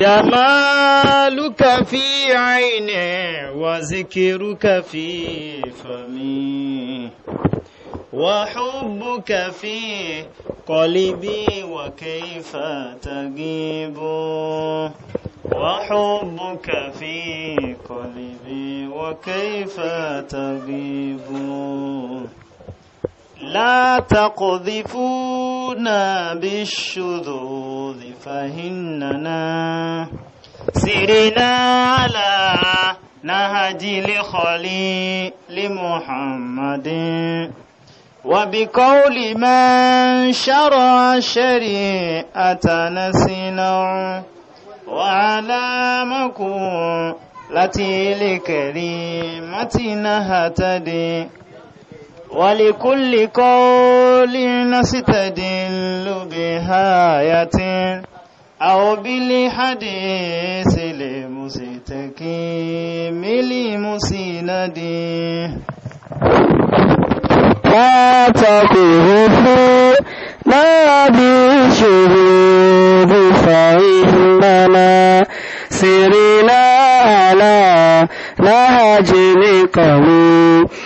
جمالك في عيني وذكرك في فمي وحبك في قلبي وكيف تجيب وحبك في قلبي وكيف تغيب لا تقذفونا بالشذوذ فهننا سرنا على نهج الخليل محمد وبقول من شرع شريعتنا سنا وعلى مكون التي لكريمتنا هتدي ولكل قول نستدل بهاية أو بالحديث لمستقيم لمسند لا تقف ما بشهود فإننا سرنا على نهج القوي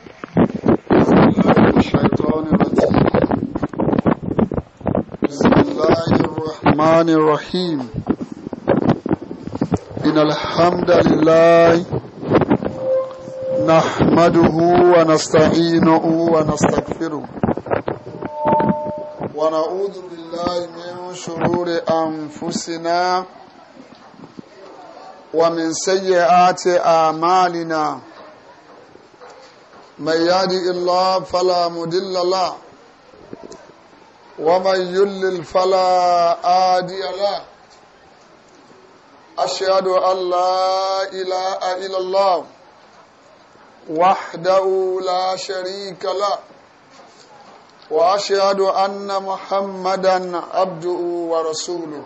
الله الرحمن الرحيم إن الحمد لله نحمده ونستعينه ونستغفره ونعوذ بالله من شرور أنفسنا ومن سيئات أعمالنا من يهدي الله فلا مضل له ومن يلل فلا آدي له أشهد أن لا إله إلا الله وحده لا شريك له وأشهد أن محمدا عبده ورسوله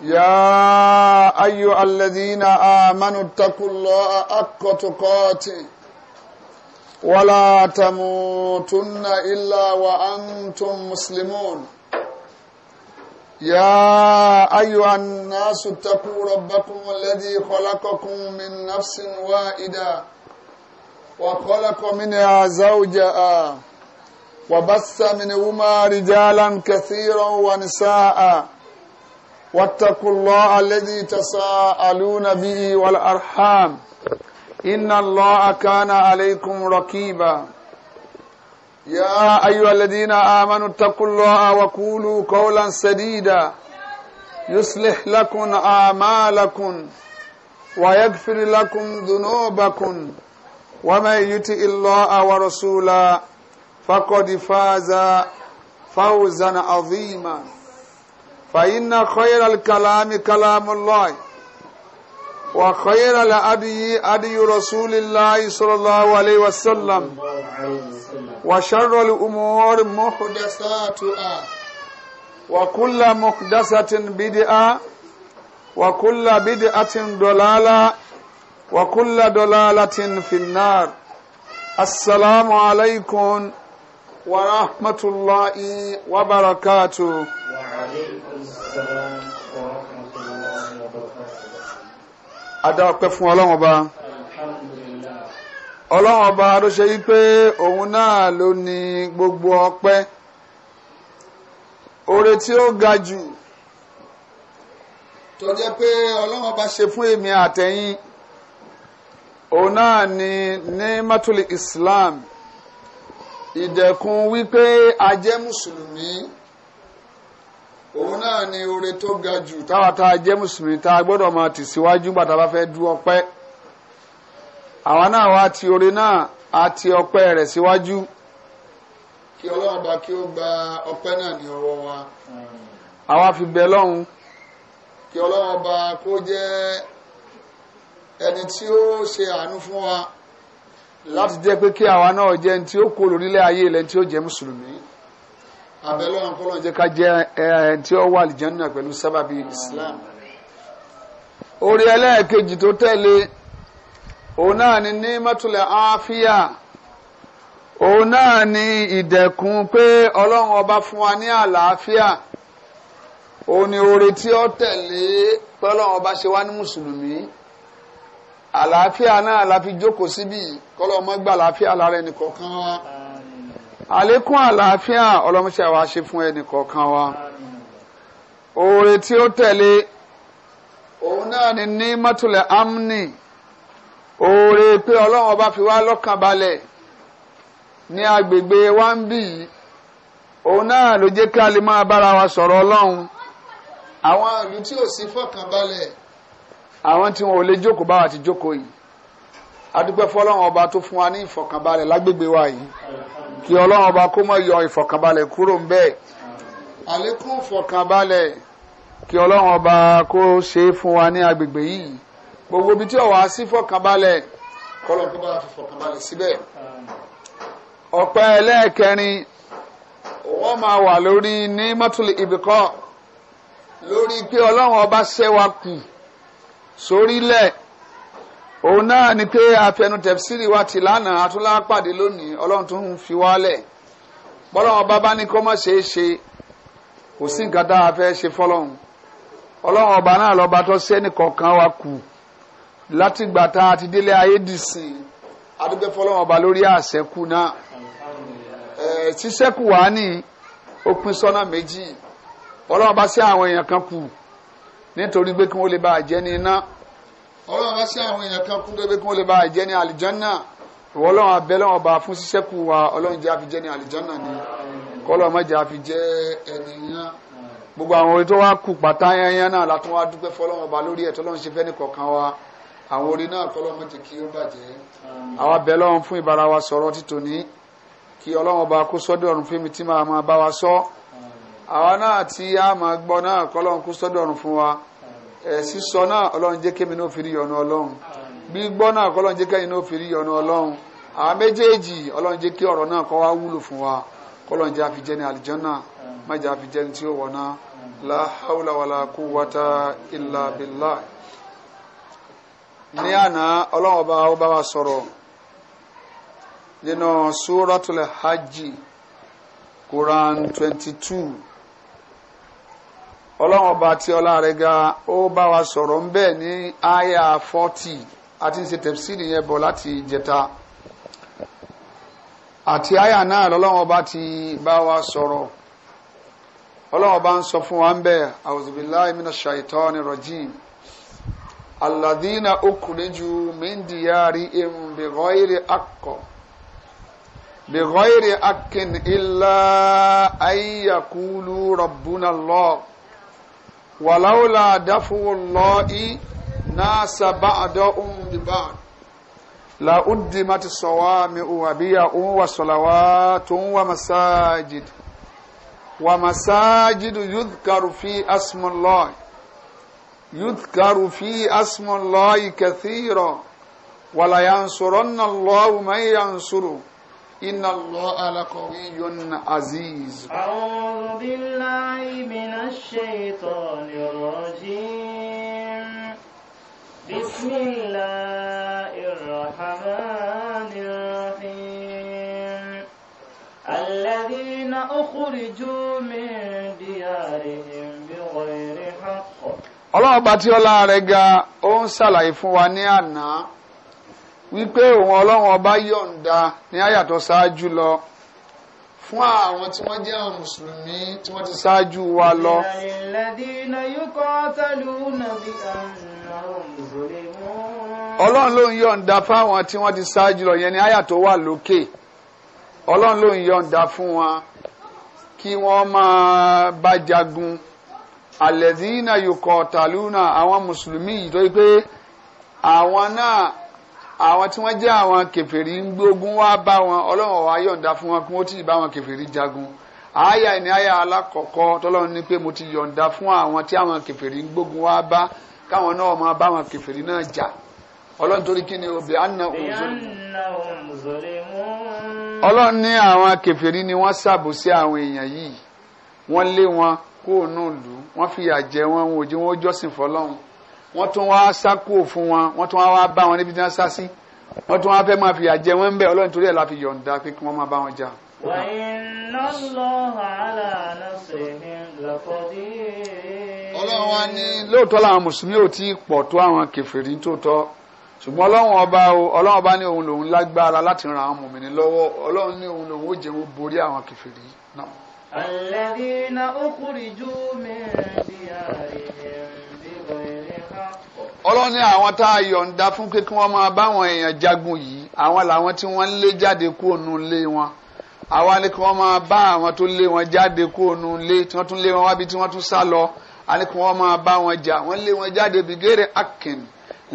يا أيها الذين آمنوا اتقوا الله حق تقاته ولا تموتن إلا وأنتم مسلمون يا أيها الناس اتقوا ربكم الذي خلقكم من نفس واحدة وخلق منها زوجا وبث منهما رجالا كثيرا ونساء واتقوا الله الذي تساءلون به والأرحام إن الله كان عليكم ركيبا يا أيها الذين آمنوا اتقوا الله وقولوا قولا سديدا يصلح لكم آمالكم ويغفر لكم ذنوبكم ومن يتئ الله ورسولا فقد فاز فوزا عظيما فإن خير الكلام كلام الله وخير الأدي أدي رسول الله صلى الله عليه وسلم وشر الأمور محدثاتها وكل محدثة بدعة وكل بدعة ضلالة وكل ضلالة في النار السلام عليكم ورحمة الله وبركاته وعليكم السلام adáwọ̀pẹ́ fún ọlọ́run ọba ọlọ́run ọba ló ṣe yí pé òun náà ló ní gbogbo ọpẹ́ oore tí ó ga jù tó jẹ́ pé ọlọ́run ọba ṣe fún èmi àtẹ̀yìn òun náà ni ní mọ́tòlì Islam ìdẹ̀kùn wípé a jẹ́ mùsùlùmí òun náà ni oore tó ga jù táwa tá a jẹ́ mùsùlùmí tá a gbọ́dọ̀ máa tì síwájú gbà tá a bá fẹ́ du ọpẹ́ àwa náà wá ti oore náà a ti ọpẹ́ rẹ̀ síwájú. kí ọlọ́run bá kí ó gba ọpẹ́ náà ní ọwọ́ wa. àwa fi bẹ lọ́hùn. kí ọlọ́run bá kó jẹ́ ẹni tí ó ṣe àánú fún wa láti jẹ́ pé kí àwa náà jẹ́ ẹni tí ó kó lórílẹ̀ ayé ilẹ̀ tí ó jẹ́ mùsùlùmí abẹ́lẹ́ wọn kọ́ ló ń jẹ́ ká jẹ́ ẹ tí ó wà àlìjánná pẹ̀lú sábàbí Islam orí ẹlẹ́ẹ̀kejì tó tẹ̀lé òun náà ni ní mọ́tòlẹ̀ áfíà òun náà ni ìdẹ̀kùn pé ọlọ́run ọba fún wa ní àlàáfíà òun ni oore tí ó tẹ̀lé pé ọlọ́run ọba ṣe wá ní mùsùlùmí àlàáfíà náà la fi jókòó síbí kọ́lọ́ ọmọ gbà àlàáfíà lára ẹnì kọ̀ọ̀kan wa àlékún àlàáfíà ọlọ́mọṣẹ́ wa ṣe fún ẹnì kọ̀ọ̀kan wa oore tí ó tẹ̀lé òun náà ni ní mọ́tòlẹ̀ amni oore pé ọlọ́run ọba fi wá lọ́kàn balẹ̀ ní agbègbè wa ń bì yìí òun náà ló jẹ́ kí lè máa bára wa sọ̀rọ̀ ọlọ́run àwọn ìlú tí ò sí fọkànbalẹ̀ àwọn tí wọn ò lè jókòó báwa ti jókòó yìí adúpẹ́ fọlọ́run ọba tó fún wa ní ìfọ̀kànbalẹ̀ lágbègbè wa yìí kí ọlọ́run ọba kó má yọ ìfọ̀kànbalẹ̀ kúrò ń bẹ́ẹ̀ àlékún ìfọ̀kànbalẹ̀ kí ọlọ́run ọba kó ṣe é fún wa ní agbègbè yìí gbogbo ibi tí ó wà sí fọ̀kànbalẹ̀ kọ́lọ́ kó bá fi fọ̀kànbalẹ̀ síbẹ̀ ọpẹ́ ẹlẹ́ẹ̀kẹrin wọ́n máa wà lórí ní mọ́tòlì ibìkọ́ lórí pé ọlọ́run ọba ṣẹ́wà kù sórílẹ̀ òun náà ni pé afẹnu tẹfsiri wa ti lánàá atúnlá pàdé lónìí ọlọ́run tó ń fi wálẹ̀ bọ́lọ́run ọba bá ní kó má ṣeé ṣe kò sí nǹkan tá a fẹ́ ṣe fọlọ́run ọlọ́run ọba náà lọ́ba tó sẹ́ni kọ̀ọ̀kan wa kù látìgbà tá a ti délé ayé dìsìn adúgbò fọlọ́run ọba lórí àṣẹkù náà ẹ̀ ṣíṣẹ́kù wá ní òpin sọ́nà méjì ọlọ́run ọba sí àwọn èèyàn kan kù nítorí pé kí wọ́n lè bá a jẹ́ ní iná ọlọ́run bá sí àwọn èèyàn kan kún tó gbé kí wọ́n lè bá jẹ́ ní àlìjánná ìwọ ọlọ́run abẹ́ lọ́wọ́ bá fún ṣiṣẹ́ kù wa ọlọ́run jẹ́ àfijẹ́ ní àlìjánná ni kọ́lọ́ má jẹ́ àfijẹ́ ẹni gbogbo àwọn orí tó wá kù pátá yányán náà látún wá dúpẹ́ fọlọ́run ọba lórí ẹ̀ tọ́lọ́run ṣe fẹ́ ní kọ̀ọ̀kan wa àwọn orí náà kọ́lọ́run má jẹ́ kí ó bàjẹ́ àwa bẹ́ lọ́run fún ìbára wa sọ̀rọ̀ títòní kí ọlọ́run ọba kó sọ́dọ̀ ọ̀run fún mi tí máa máa bá wa sọ àwa náà tí a máa gbọ́ náà kọ́lọ́run kó sọ́dọ̀ ọ̀run fún wa. esi náà naa jẹ́ kémi náà fi rí ọ̀nà ọlọ́run gbígbọ́ náà kọ́lọ́run jẹ́ kémi náà fi rí ọ̀nà ọlọ́run àwọn méjèèjì ọlọ́run jẹ́ kí náà kọ́ wá wúlò fún wa ní ní la billah. ní àná ọlọ́run ọba ọba wa sọ̀rọ̀ nínú hajj Quran twenty two. ọlọ́run ọba tí ọlá rẹ̀ ga ó bá wa sọ̀rọ̀ ń bẹ̀ ní àyà fọ́tì àti ń ṣe tẹ̀síìlì yẹn bọ̀ láti ìjẹta àti àyà náà lọ́lọ́run ọba ti bá wa sọ̀rọ̀ ọlọ́run ọba ń sọ fún wa ń bẹ̀ auzubillahi minash shaitani rajim alladhina ukhriju min diyarihim bighayri haqqin bighayri haqqin illa an yaqulu rabbuna Allah wàláwùlà dáfúwò lọ́ọ́ náà sábà àdọ́ ohun dìbà láùdí má ti sọ̀wá mi ò àbíyà òun wà sọ̀làwá tó ń wà masáàjìd wà masáàjìd yúdkàrù fi asmọ́lọ́ yúdkàrù fi asmọ́lọ́ ìkẹthìrọ̀ wàlàyànsọ̀rọ̀ náà lọ́wọ́ إن الله لقوي عزيز أعوذ بالله من الشيطان الرجيم بسم الله الرحمن الرحيم الذين أخرجوا من ديارهم بغير حق الله باتي الله رجا أنسى لا يفواني أنا wípé òun ọlọ́run ọba yọ̀ǹda ní àyàtọ̀ ṣáájú lọ fún àwọn tí wọ́n jẹ́ àwọn mùsùlùmí tí wọ́n ti ṣáájú wa lọ. ọlọ́run ló ń yọ̀ǹda fáwọn tí wọ́n ti ṣáájú lọ yẹn ní àyàtọ̀ wà lókè ọlọ́run ló ń yọ̀ǹda fún wọn kí wọ́n máa bá jagun àlẹ́dínà yòókọ̀ tàlúnà àwọn mùsùlùmí yìí tó yẹ pé àwọn náà àwọn tí wọ́n jẹ́ àwọn kèfèrí ń gbógun wá bá wọn ọlọ́run ọ̀wá yọ̀ǹda fún wọn kí wọ́n ti bá wọn kèfèrí jagun àáyà ni àáyà alákọ̀ọ́kọ́ tọ́lọ́run ní pé mo ti yọ̀ǹda fún àwọn tí àwọn kèfèrí ń gbógun wá bá káwọn náà máa bá wọn kèfèrí náà jà ọlọ́run torí kí ni obì anna òǹzọ́lẹ̀ ọlọ́run ní àwọn kèfèrí ni wọ́n ṣàbòsí àwọn èèyàn yìí wọ́n lé wọn kóònù lù wọ́n fìyà jẹ wọn òjò wọn jọ́sìn fọlọ́run wọ́n tún wá sákò fún wọn wọ́n tún wá bá wọn níbi tí wọ́n sá sí wọ́n tún wá fẹ́ máa fìyà jẹ wọ́n ń bẹ̀ ọlọ́run torí ẹ̀ la fi yọ̀ǹda pé kí wọ́n máa bá wọn jà. ọlọ́run wa ní lóòótọ́ làwọn mùsùlùmí ò tí ì pọ̀ tó àwọn kèfèrí tòótọ́ ṣùgbọ́n ọlọ́run ọba o ọlọ́run ọba ní òun lòun lágbára láti ran àwọn mùmìnì lọ́wọ́ ọlọ́run ní òun lòun ó jẹ́ wọn borí àwọn kèfèrí náà. alladhina ukhriju min diyarihim ọlọ́run àwọn tá a yọ̀ǹda fún pé kí wọ́n máa báwọn èèyàn jagun yìí àwọn làwọn tí wọ́n lé jáde kúrò nù lé wọn àwa ni kí wọ́n máa bá àwọn tó lé wọn jáde kúrò nù lé tí wọ́n tún lé wọn wábi tí wọ́n tún sá lọ a ní kí wọ́n máa bá wọn jà wọ́n lé wọn jáde bí gèrè akin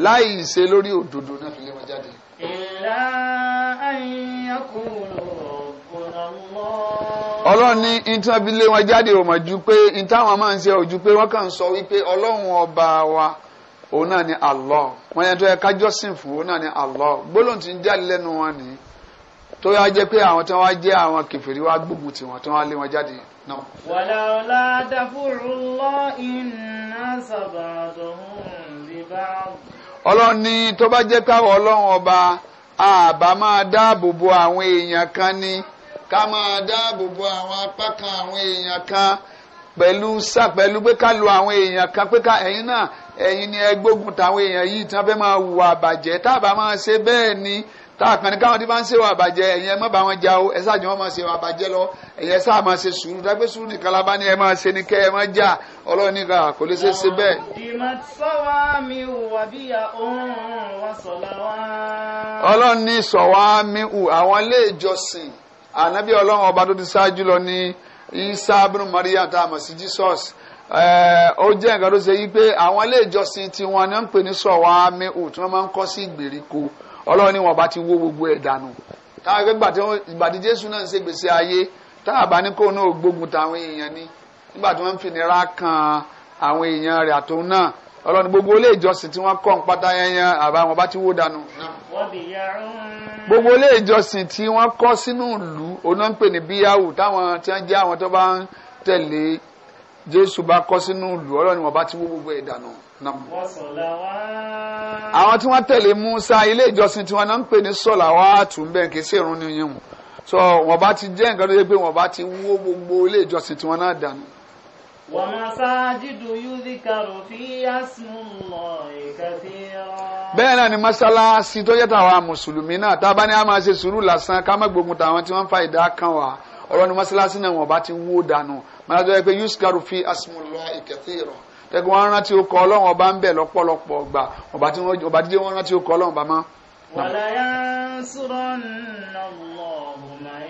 láì ṣe lórí òdodo náà fi lé wọn jáde. ìlà ayakùn ọlọ́run ní ìtàn fi lé wọn jáde ò mọ̀ ju pé ìtàn àwọn máa ń ṣe ò ju pé wọ́n kàn sọ wípé ọlọ́run ọba wa. òun náà ni Allah wọn yẹn tó yẹ kájọ sìn fún náà ni Allah gbólóhùn tí ń jáde lẹ́nu wọn ni tó yá jẹ́ pé àwọn tí jẹ́ àwọn kèfèrí wá gbógun tì tí lé wọn jáde náà. ọba àbá máa dáàbò bo àwọn èèyàn ni ká máa dáàbò bo àwọn apá kan àwọn sá pẹ̀lú pé ká lu àwọn èèyàn kan pé ká ẹ̀yin náà ẹ̀yin ni ẹ gbógun táwọn èèyàn yìí tí wọ́n fẹ́ máa wù àbàjẹ́ tá máa ṣe bẹ́ẹ̀ ni tá a kàn ní káwọn tí wọ́n bá ń ṣe wà àbàjẹ́ ẹ̀yin ẹ má bá wọn jà o ẹ sáà jẹ́ wọ́n máa ṣe wà àbàjẹ́ lọ ẹ̀yin ẹ sáà máa ṣe sùúrù dágbé sùúrù nìkan la bá ẹ máa ṣe ni kẹ́ ẹ má jà ọlọ́run nìkan kò lè ṣe ṣe bẹ́ẹ̀. ọlọ́run ní sọ̀wá mi hù àwọn ilé ìjọsìn ànábì ọlọ́run ọba tó ti ṣáájú lọ ní Isa bin Maria tá a mọ̀ sí Jesus ó jẹ́ nǹkan tó ṣe yí pé àwọn ilé ìjọsìn tiwọn ni wọ́n ń pè ní sọ̀wọ́ amíhù tí wọ́n máa ń kọ́ sí ìgbèríko ọlọ́run ni wọ́n bá ti wó gbogbo ẹ̀ dànù táwọn ẹgbẹ́ ìgbà tí jésù náà ń ṣe gbèsè ayé táwọn àbáníkò náà gbógun táwọn èèyàn ni nígbà tí wọ́n ń finira kan àwọn èèyàn rẹ̀ àtòun náà ọlọ́run gbogbo ilé ìjọsìn tí wọ́n kọ́ ń pátá yẹnyẹn àbá wọn bá ti wó dànù. gbogbo ilé ìjọsìn tí wọ́n kọ́ sínú ìlú oná ní bíyàwó táwọn tí wọ́n jẹ́ àwọn tó bá ń tẹ̀lé jésù bá kọ́ sínú ìlú ọlọ́run wọn bá ti wó gbogbo ẹ̀ dànù. àwọn tí wọ́n tẹ̀lé musa ilé ìjọsìn tí wọ́n náà ń pè ní sọ̀là wá tùǹbẹ̀ kì í ṣèrún ní yín mu so wọn bá ti jẹ́ nǹkan tó yẹ pé wọn bá ti wó gbogbo ilé ìjọsìn tí wọ́n náà dànù. wa masajidu yudhkaru fiha ismullahi kathira. bẹ́ẹ̀ náà ni mọ́sálásí tó yẹ tàwa mùsùlùmí náà tá a bá ní a máa ṣe sùúrù lásán ká má gbógun tàwọn tí wọ́n ń fa ìdá kan wà ọ̀rọ̀ ni mọ́sálásí náà wọn bá ti wó dànù máa tó yẹ pé yuskaru fi asmullahi kathira tẹ́kọ̀ wọ́n rántí ó kọ́ ọlọ́run ọba ń bẹ̀ lọ́pọ̀lọpọ̀ ọgbà ọba tí wọ́n rántí ó kọ́ ọlọ́run ọba máa. wàlá yansuranna Allahu man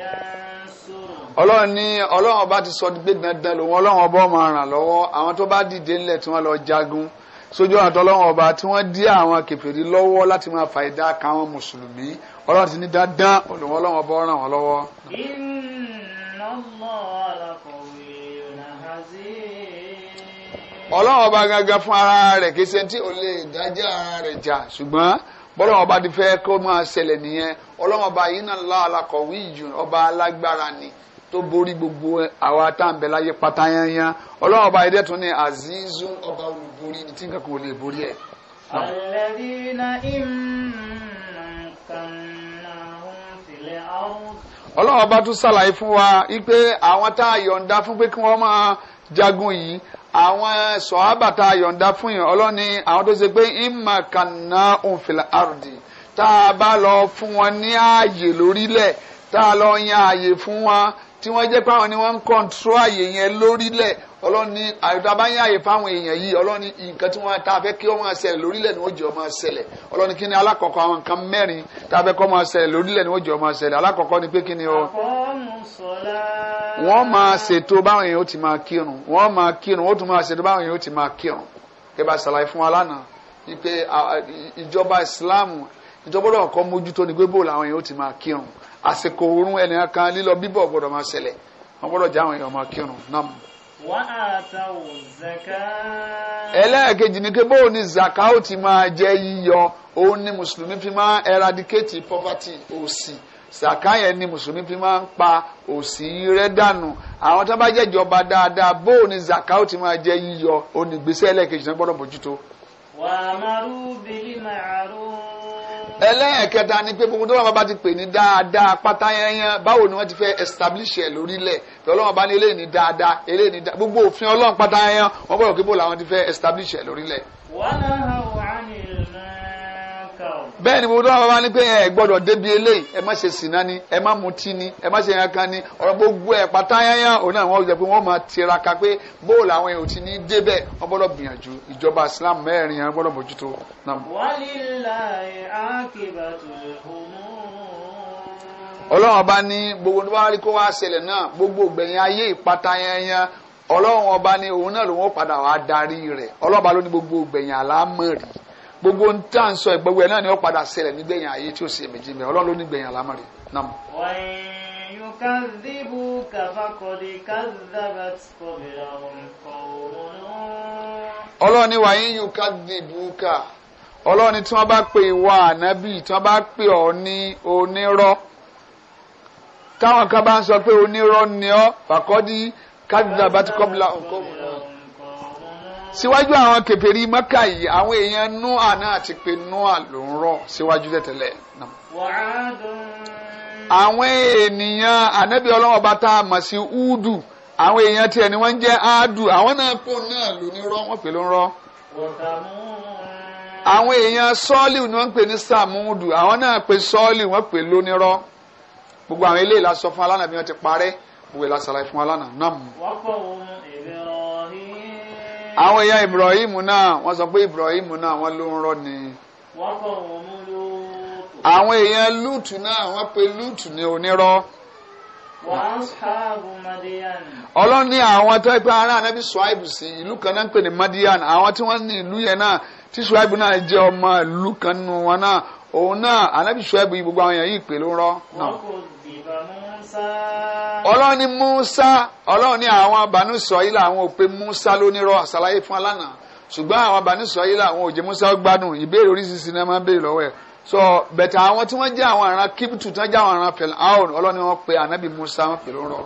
yansuru. ọlọ́run ní ọlọ́run ọba ti sọ gbé dandan lòun ọlọ́run ọba máa ràn lọ́wọ́ àwọn tó bá dìde ńlẹ̀ tí wọ́n lọ jagun sójú ọ̀nà tọ́lọ́run ọba tí wọ́n dí àwọn kèfèrí lọ́wọ́ láti máa fa ìdá ka àwọn mùsùlùmí ọlọ́run ti ní dandan òun ọba ràn wọ́n lọ́wọ́. inna ọlọ́run ọba gangan fún ara rẹ̀ kì í ṣe tí o lè dájọ́ ara rẹ̀ jà ṣùgbọ́n bọ́lọ́run ọba ti fẹ́ kó máa ṣẹlẹ̀ nìyẹn ọlọ́run ọba yìí náà láàlá ìjù ọba alágbára ni tó borí gbogbo àwa táǹbẹ̀ láyé ọlọ́run azizu ọba olùborí ni tí nǹkan kò lè borí ẹ̀. ọlọ́run ọba tún ṣàlàyé fún wa wípé àwọn tá a yọ̀ǹda fún pé kí wọ́n máa jagun àwọn sọ̀hábà tá a yọ̀ǹda fún yàn ọlọ́ni àwọn tó ṣe pé ìmà kànáà òǹfìlà àrùdì tá a bá lọ fún wọn ní ààyè lórílẹ̀ tá a lọ yan ààyè fún wọn tí wọ́n jẹ́ pé àwọn ni wọ́n ń kọ́ńtró ààyè yẹn lórílẹ̀ ọlọ́run ní àyọ̀dá bá ń yáàyè fáwọn èèyàn yìí ọlọ́run nǹkan tí wọ́n ta fẹ́ kí wọ́n máa ṣẹlẹ̀ lórílẹ̀ ni wọ́n jẹ́ ọmọ ṣẹlẹ̀ ọlọ́run ní kí ni alákọ̀ọ́kọ́ àwọn nǹkan mẹ́rin tá fẹ́ kọ́ máa ṣẹlẹ̀ lórílẹ̀ ni wọ́n jẹ́ ọmọ ṣẹlẹ̀ alákọ̀ọ́kọ́ ni pé kí ni o. wọ́n máa ṣètò báwọn èèyàn ó ti máa kírun wọ́n máa kírun ó tún máa ṣètò báwọn èèyàn ó ti máa kírun kí bá ṣàlàyé fún wa lánàá wípé ìjọba Islam ìjọba náà kọ́ mójútó ni pé bó làwọn èèyàn ó ti máa kírun àsìkò oorun ẹnìkan kan lílọ bíbọ̀ gbọ́dọ̀ máa ṣẹlẹ̀ wọ́n gbọ́dọ̀ já àwọn èèyàn máa kírun náà ẹlẹ́ẹ̀kejì ni pé bóun ni zaka ó ti máa jẹ́ yíyọ òun ni mùsùlùmí fi máa eradicate poverty òsì zaka yẹn ni mùsùlùmí fi máa ń pa òsì rẹ́ dànù àwọn tó bá jẹ́ ìjọba dáadáa bóun ni zaka ó ti máa jẹ́ yíyọ òun ni gbèsè ẹlẹ́ẹ̀kejì náà gbọ́dọ̀ bójútó. wàá márùn bíi màrún ẹlẹ́ẹ̀kẹta ni pé gbogbo tọ́lọ́mọ bá ti pè ní dáadáa pátá yẹnyẹn báwo ni wọ́n ti fẹ́ establish ẹ̀ lórílẹ̀ tọ́lọ́mọ bá ní eléyìí ní dáadáa eléyìí ní dáadáa gbogbo òfin ọlọ́run pátá wọ́n gbọ́dọ̀ kí làwọn ti fẹ́ establish ẹ̀ lórílẹ̀. wọ́n náà wà bẹ́ẹ̀ ni gbogbo àwọn bàbá ní pé ẹ gbọ́dọ̀ débi eléyìí ẹ má ṣe sìnà ni ẹ má mutí ni ẹ má ṣe yankan ni ọ̀rọ̀ gbogbo ẹ̀ pátáyáyá òun náà wọ́n pé wọ́n máa tiraka pé bóòlù àwọn èèyàn ti ní débẹ̀ wọ́n gbọ́dọ̀ gbìyànjú ìjọba Islam mẹ́rin yẹn gbọ́dọ̀ mójútó. ọlọ́run ọba ní gbogbo kó wá ṣẹlẹ̀ náà gbogbo ọba ní òun náà lòun ó gbogbo ń tà ń sọ ìgbẹ́wò náà ni ó padà ṣẹlẹ̀ nígbẹ̀yìn ayé tí ó sì èmi jí mi ọlọ́run ló nígbẹ̀yìn àlámọ̀rí náà. وَيُكَذِّبُكَ فَقَدْ كَذَّبَتْ قَبْلَهُمْ قَوْمُ نُوحٍ ọlọ́run ni wàyí yukadibuka ọlọ́run ni tí wọ́n bá pe ìwà ànábì tí wọ́n bá pe ọ́ ní onírọ́ táwọn kan bá ń sọ pé onírọ́ ni ọ́ fàkọ́dí kádìdàbà ti kọ́bùlà ọ̀kọ́mù síwájú àwọn kèfèrí mọ́kà yìí àwọn èèyàn noah náà ti pe noah ló ń rọ̀ síwájú tẹ̀tẹ̀lẹ̀ náà. àwọn ènìyàn ànábì ọlọ́wọ́ bá tá a mọ̀ sí údù àwọn èèyàn tiẹ̀ ni wọ́n ń jẹ́ áádù àwọn náà kò náà ló ní rọ́ wọ́n pè ló ń rọ́. àwọn èèyàn sọ́ọ̀lì ni wọ́n ń pè ní sàmúdù àwọn náà pe sọ́ọ̀lì wọ́n pè ló ní rọ́ gbogbo àwọn eléyìí la sọ fún alánà bí wọ́n ti parẹ́ gbogbo ìlàsàlàyé fún alánà náà. wọ́n pọ̀ àwọn ìyá Ibrahim náà wọ́n sọ pé Ibrahim náà wọ́n ló ń rọ́ ni. wọ́n kọ̀ wọ́n mú lóòótọ́. àwọn èèyàn lúùtù náà wọ́n pe lúùtù ní onírọ́. Ọlọ́run ní àwọn tó ẹgbẹ́ ará anábì Suwaibu sí ìlú kan náà ń pè ní Madian àwọn tí wọ́n ní ìlú yẹn náà tí Suwaibu náà jẹ́ ọmọ ìlú kan nù wọn náà òun náà anábì Suwaibu yìí gbogbo àwọn èèyàn yìí pè ló ń rọ́ náà ọlọ́run ni musa ọlọ́run ní àwọn abanusọ yìí làwọn ò pe musa lónírọ́ àṣàlàyé fún alánà ṣùgbọ́n àwọn abanusọ yìí làwọn ò jẹ́ musa gbádùn ìbéèrè oríṣiríṣi náà máa ń béèrè lọ́wọ́ ẹ̀ so bẹ̀tẹ̀ àwọn tí wọ́n jẹ́ àwọn ará kíbutù tí wọ́n jẹ́ àwọn ará pẹ̀lú àwọn ọlọ́run ni wọ́n pe anabi musa wọn pè lórọ́.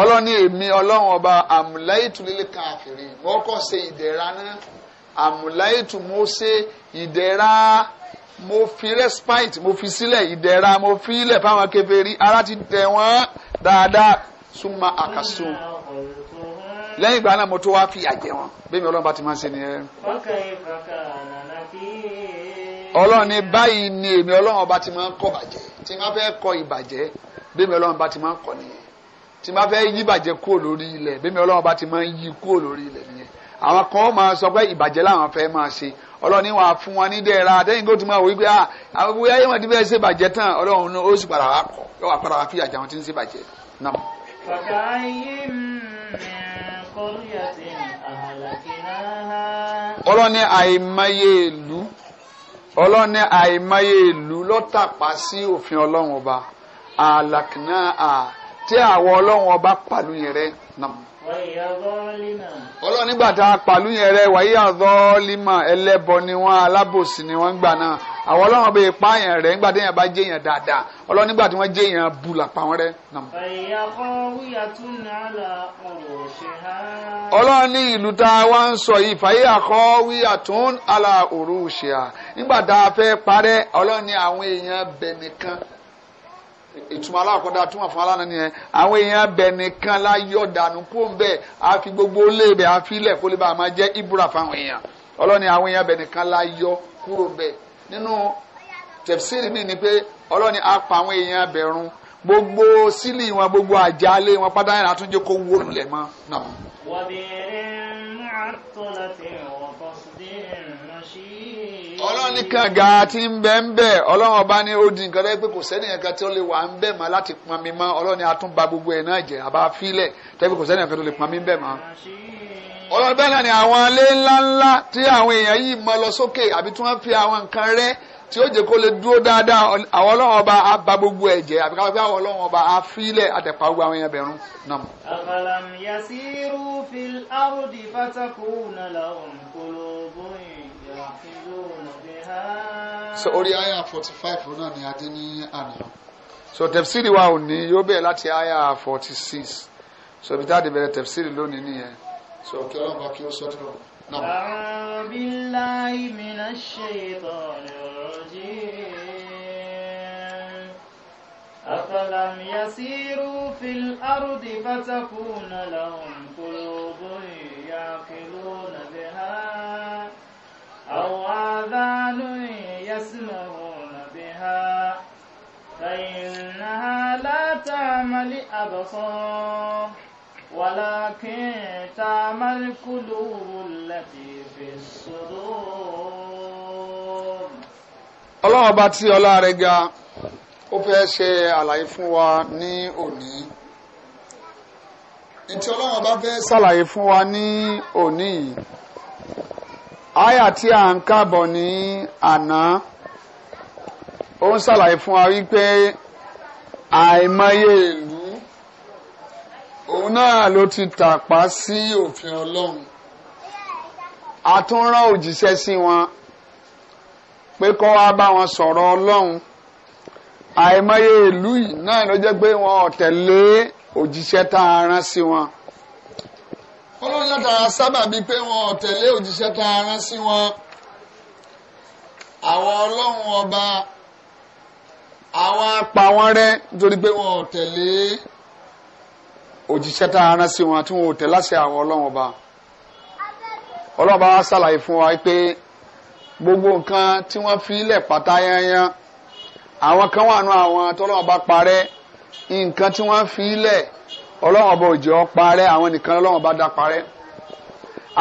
ọlọ́run èmi ọlọ́run ọba àmúláyìtúlélẹ̀ káfìrí wọ́n kọ́ ṣe ìdẹ̀ra náà àmúláyìtú mọ́ṣe ìdẹ̀ra mo fi respite mo fi sílẹ̀ ìdẹ̀ra mo fi ilẹ̀ fáwọn kèfèrí ara ti tẹ̀ wọ́n dáadáa súnmọ́ àkàsó lẹ́yìn ìgbà náà mo tó wá fi àjẹ wọn bẹ́ẹ̀ni ọlọ́run bá ti máa ń ṣe nìyẹn. ọlọ́run ní báyìí ni èmi ọlọ́run bá ti máa ń kọ́ bàjẹ́ tí n fẹ́ kọ ìbàjẹ́ bẹ́ẹ̀ni ọlọ́run bá ti máa ń kọ́ nìyẹn tí n fẹ́ yí bàjẹ́ kúrò lórí ilẹ̀ bẹ́ẹ̀ni ọlọ́run bá ti máa ń yí kúrò lórí ilẹ̀ nìyẹn àwọn kan máa sọ pé ìbàjẹ́ làwọn fẹ́ máa ṣe ọlọ́ni wàá fún wọn ní dẹ́ra àtẹ́yìn kó tún máa wí pé ah àwọn bóyá yẹn wọ́n ti fẹ́ ṣe bàjẹ́ tán ọlọ́run ó sì padà wá kọ́ yóò wá padà wá fi àjà wọn ti ń ṣe bàjẹ́ náà. bàbá ayé kọ́ríyà ti àlàkìnnáà. ọlọ́ni àìmọye ìlú ọlọ́ni àìmọye ìlú ló sí òfin ọlọ́run ọba àlàkìnnáà tí àwọn ọlọ́run ọba pàlú yẹn rẹ̀ náà ọlọ́run nígbà tá a pàlú yẹn rẹ wàyí àzọ́ọ́límà ẹlẹ́bọ ni wọ́n alábòsí ni wọ́n ń gbà náà àwọn ọlọ́run bẹ pa yẹn rẹ nígbà tí yẹn bá jẹ́ yẹn dáadáa ọlọ́run nígbà tí wọ́n jẹ́ yẹn bu làpá wọn rẹ. ọlọ́run ní ìlú tá a wá ń sọ yìí fàyà kọ́ wíyà tó ń òru ṣe à nígbà tá a fẹ́ parẹ́ ọlọ́run ní àwọn èèyàn bẹ̀ nìkan ìtumọ̀ alákọ̀ọ́dá túmọ̀ fún aláàánú nìyẹn àwọn èèyàn bẹ̀ nìkan láyọ̀ dànù kó ń bẹ̀ á fi gbogbo lé ibẹ̀ á fi ilẹ̀ kó lè bá a máa jẹ́ ibùra fáwọn èèyàn ọlọ́ni àwọn èèyàn bẹ̀ nìkan láyọ̀ kúrò bẹ̀ nínú tẹ̀síìrì mi ni pé ọlọ́ni á pa àwọn èèyàn bẹ̀ run gbogbo sílì wọn gbogbo àjálé wọn pátá yẹn àtúnjẹ kó wó mọ́ náà. wàbẹ̀rẹ̀ mú ọlọ́run nìkan ga ti ń bẹ́ ń bẹ́ ọlọ́run ọba ní ó di nǹkan lẹ́yìn pé kò tí ó lè wà ń bẹ́ láti pọn mi mọ́ gbogbo ẹ̀ náà jẹ́ àbá kò tó lè pọn mi bẹ́ mọ́. ọlọ́run bẹ́ẹ̀ náà ni àwọn alé ńláńlá tí àwọn èèyàn yìí mọ lọ sókè àbí tí wọ́n fi àwọn nǹkan tí ó jẹ́ kó so orí àyà forty five náà ni adé ní àná so tẹ̀fsìrì wa ò ní yóò bẹ̀rẹ̀ láti àyà forty six so ibi táàdì bẹ̀rẹ̀ tẹ̀fsìrì lónìí nìyẹn so kí ọlọ́run bá kí ó sọ tó náà. أعوذ بالله من الشيطان الرجيم أفلم يسيروا في الأرض فتكون لهم قلوب يعقلون بها أو آذان يسمعون بها فإنها لا تعمى الأبصار ولكن تعمى القلوب التي في الصدور ọlọ́run ọba tí ọlá rẹ̀ ga ó fẹ́ ṣe àlàyé fún wa ní òní ìtí ọlọ́run ọba fẹ́ ṣàlàyé fún wa ní òní yìí Aya tí a ń kábọ̀ ní àná ó ń ṣàlàyé fún wa wípé àìmọye ìlú òun náà ló ti tàpá sí òfin ọlọ́run a tún rán òjíṣẹ́ sí wọn pé kó wá bá wọn sọ̀rọ̀ ọlọ́run àìmọye ìlú yìí náà ló jẹ́ pé wọn ò tẹ̀lé òjíṣẹ́ tá a rán sí wọn. Si ọlọ́run látara sábàbí pé wọn tẹ̀lé òjíṣẹ́ tá a rán sí wọn àwọn ọlọ́run ọba àwọn apá wọn rẹ́ nítorí pé wọn tẹ̀lé òjíṣẹ́ tá a rán sí wọn tí wọn ò tẹ̀ láṣẹ àwọn ọlọ́run ọba ọlọ́run ọba wa ṣàlàyé fún wa pé gbogbo nǹkan tí wọ́n fi lẹ̀ pátá yányán àwọn kan wà nù àwọn tọ́lọ́run parẹ́ nǹkan tí wọ́n fi lẹ̀ ọlọ́run ọba òjò wọn parẹ́ àwọn nìkan ọlọ́run ọba dá parẹ́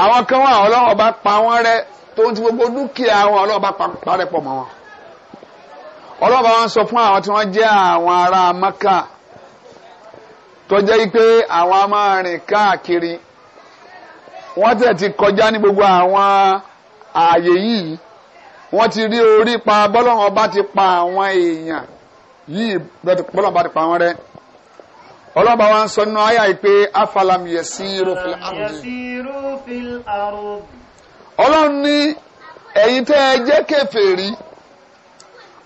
àwọn kan wà ọlọ́run ọba pa wọ́n rẹ́ tó ń ti gbogbo dúkìá wọn ọlọ́run ọba parẹ́ pọ̀ mọ́ wọn ọlọ́run ọba wọn sọ fún àwọn tí wọ́n jẹ́ àwọn ará Maka tó jẹ́ wípé àwọn a máa rìn káàkiri wọ́n tẹ̀ ti kọjá ní gbogbo àwọn ààyè yìí wọ́n ti rí orí pa bọ́lọ́run ọba ti pa àwọn èèyàn yìí bọ́lọ́run ọba ti pa wọ́n rẹ́ ọlọ́ba wa ń sọ nínú ayá yìí afalam yasiru fil ardi ọlọ́run ní ẹ̀yin tẹ́ ẹ jẹ́ kèfèrí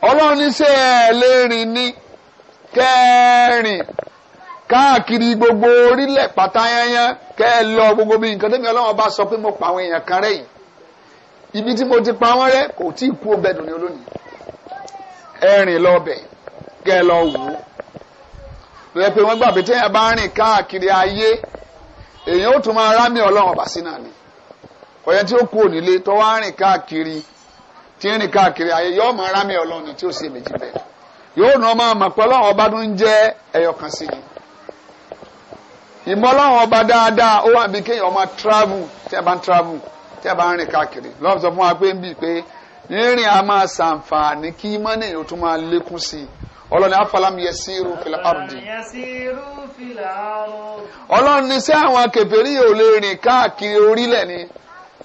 ọlọ́run ní ṣé ẹ lè rìn ní kẹ́ẹ̀rìn káàkiri gbogbo orílẹ̀ pátáyányá kẹ́ ẹ lọ gbogbo bí nǹkan tẹ́mi ọlọ́run bá sọ pé mo pa àwọn èèyàn kan rẹ́ yìí ibi tí mo ti pa wọ́n rẹ́ kò tí ì kú ọbẹ̀ dùn ní olónìí ẹ̀rìn lọ́bẹ̀ kẹ́ ẹ lọ wò ó tó rìn káàkiri ayé ó tún máa rámì ọba tí ó kú onílé tó wá rìn káàkiri tí ń rìn káàkiri ayé yóò máa rámì ọlọ́run tí ó sì èméjì bẹ́ẹ̀ yóò nà máa ọlọ́run ọba tó ń ẹyọ kan sí ni ọba dáadáa ó wà bí kéèyàn máa travel tí ẹ bá ń travel tí ẹ bá ń rìn káàkiri lọ́wọ́ sọ fún wa pé ń bì pé rírìn a máa ṣàǹfààní kí mọ́nìyàn ọlọ́ni afalam yasiru fil ardi ọlọ́ni sí àwọn kèfèrí yìí ò lè rìn káàkiri orílẹ̀ ni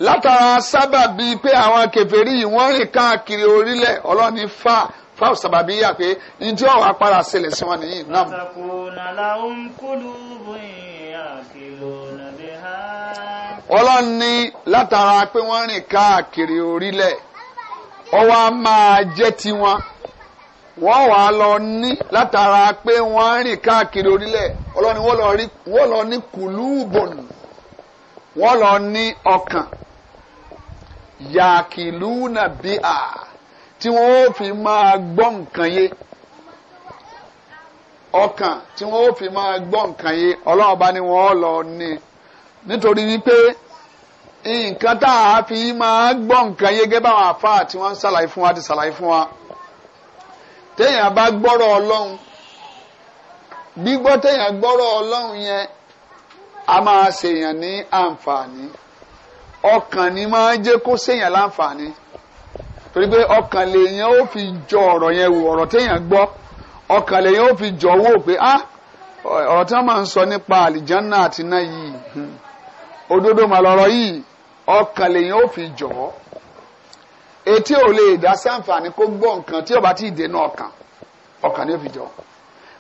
látara sábàbí pé àwọn kèfèrí yìí wọ́n rìn káàkiri orílẹ̀ ọlọ́ni fa fáwọn sábàbí yà pé njẹ́ ọ̀wá para ṣẹlẹ̀ sí wọn nìyí náà. ọlọ́ni látara pé wọ́n rìn káàkiri orílẹ̀ ọwọ́ a máa jẹ́ tiwọn. wọ́n wà á lọ ní látara pé wọ́n á rìn káàkiri orílẹ̀ ọlọ́ni wọ́n lọ ní kùlúùbọ̀nù wọ́n lọ ní ọkàn yàkìlú nàbí à tí wọ́n ó fi máa gbọ́ nǹkan yé ọkàn tí wọ́n ó fi máa gbọ́ nǹkan yé ọlọ́run bá ní wọ́n lọ ní nítorí wípé nǹkan tá a fi máa gbọ́ nǹkan yé gẹ́gẹ́ báwọn àfáà tí wọ́n ń ṣàlàyé fún wa ti ṣàlàyé fún wa. téèyàn bá gbọ́rọ̀ ọlọ́run gbígbọ́ téèyàn gbọ́rọ̀ ọlọ́run yẹn a máa ṣèyàn ní àǹfààní ọkàn ni máa ń jẹ́ kó ṣèyàn láǹfààní torí pé ọkàn lèèyàn ó fi jọ ọ̀rọ̀ yẹn wò ọ̀rọ̀ téèyàn gbọ́ ọkàn lèèyàn ó fi jọ wò pé ah ọ̀rọ̀ tí wọ́n máa ń sọ nípa àlìjánná àti iná yìí hmm, òdodo màlọ́rọ̀ yìí ọkàn lèèyàn ó fi jọ̀ ọ́ etí ò lè dá sáǹfààní kó gbọ́ nǹkan tí ó ti dènà ọkàn ọkàn ní òfìjọ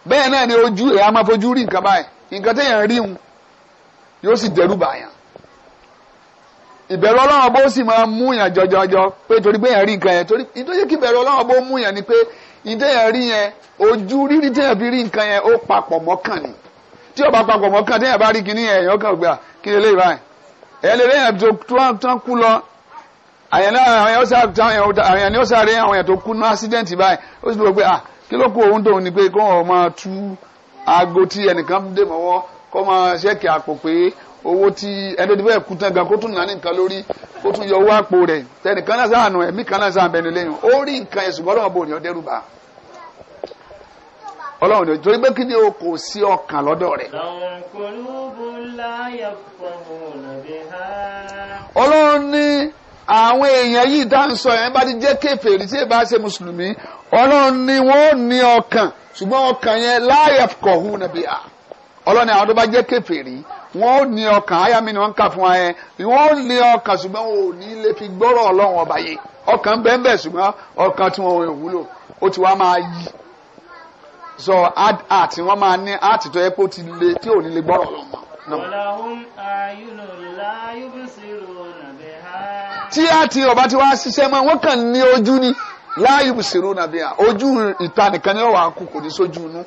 bẹ́ẹ̀ náà ni ojú ẹ̀ á máa fojú rí nǹkan báyìí nǹkan rí hun yóò sì dẹ́rù bàyàn ìbẹ̀rù ọlọ́run bó sì máa mú jọjọjọ pé torí rí nǹkan yẹn torí kí ìbẹ̀rù ọlọ́run bó mú yàn ni pé ìdẹ́yàn rí yẹn ojú rírí fi rí nǹkan yẹn ó papọ̀ mọ́kàn ni tí papọ̀ mọ́kàn bá rí kinní yẹn gbà kí àyàn náà àwọn yẹn ó sáré àwọn yẹn ó sáré àwọn yẹn tó kú ní accident báyìí ó sì lọ pé à ah, kí ló kú òun ni pé kó wọn máa tú aago tí ẹnìkan dè mọ́wọ́ kó máa ṣẹ́ẹ̀kì àpò pé owó tí ẹni tó fẹ́ kú tán gan kó tún nà ní nǹkan lórí kó tún yọ owó àpò rẹ̀ tẹnìkan náà sáànù ẹ̀mí kan náà ó àwọn èèyàn yìí dá ń sọ yẹn bá ti jẹ́ kèfèrí tí èèbá ṣe mùsùlùmí ọlọ́run ni wọ́n ò ní ọkàn ṣùgbọ́n ọkàn yẹn láàyè kọ̀ọ̀hún nàbí à ọlọ́run ni àwọn tó bá jẹ́ kèfèrí wọ́n ò ní ọkàn àyà mi ni wọ́n ń kà fún wa yẹn wọ́n ò ní ọkàn ṣùgbọ́n wọn ò ní lè fi gbọ́rọ̀ ọlọ́run ọba yìí ọkàn bẹ́ẹ̀ ṣùgbọ́n ọkàn tí wọn ò wúlò ó ti wá máa yí sọ àti wọn máa ní àti tó yẹ kó ti le tí ò ní lè gbọ́rọ̀ ọlọ́run. wọ́n tí a ti ọba ti wá ṣiṣẹ́ mọ́ wọ́n kàn ní ojú ni láàyè bùsùrù nàbí à ojú ìta nìkan ni wàá kú kò ní sójú inú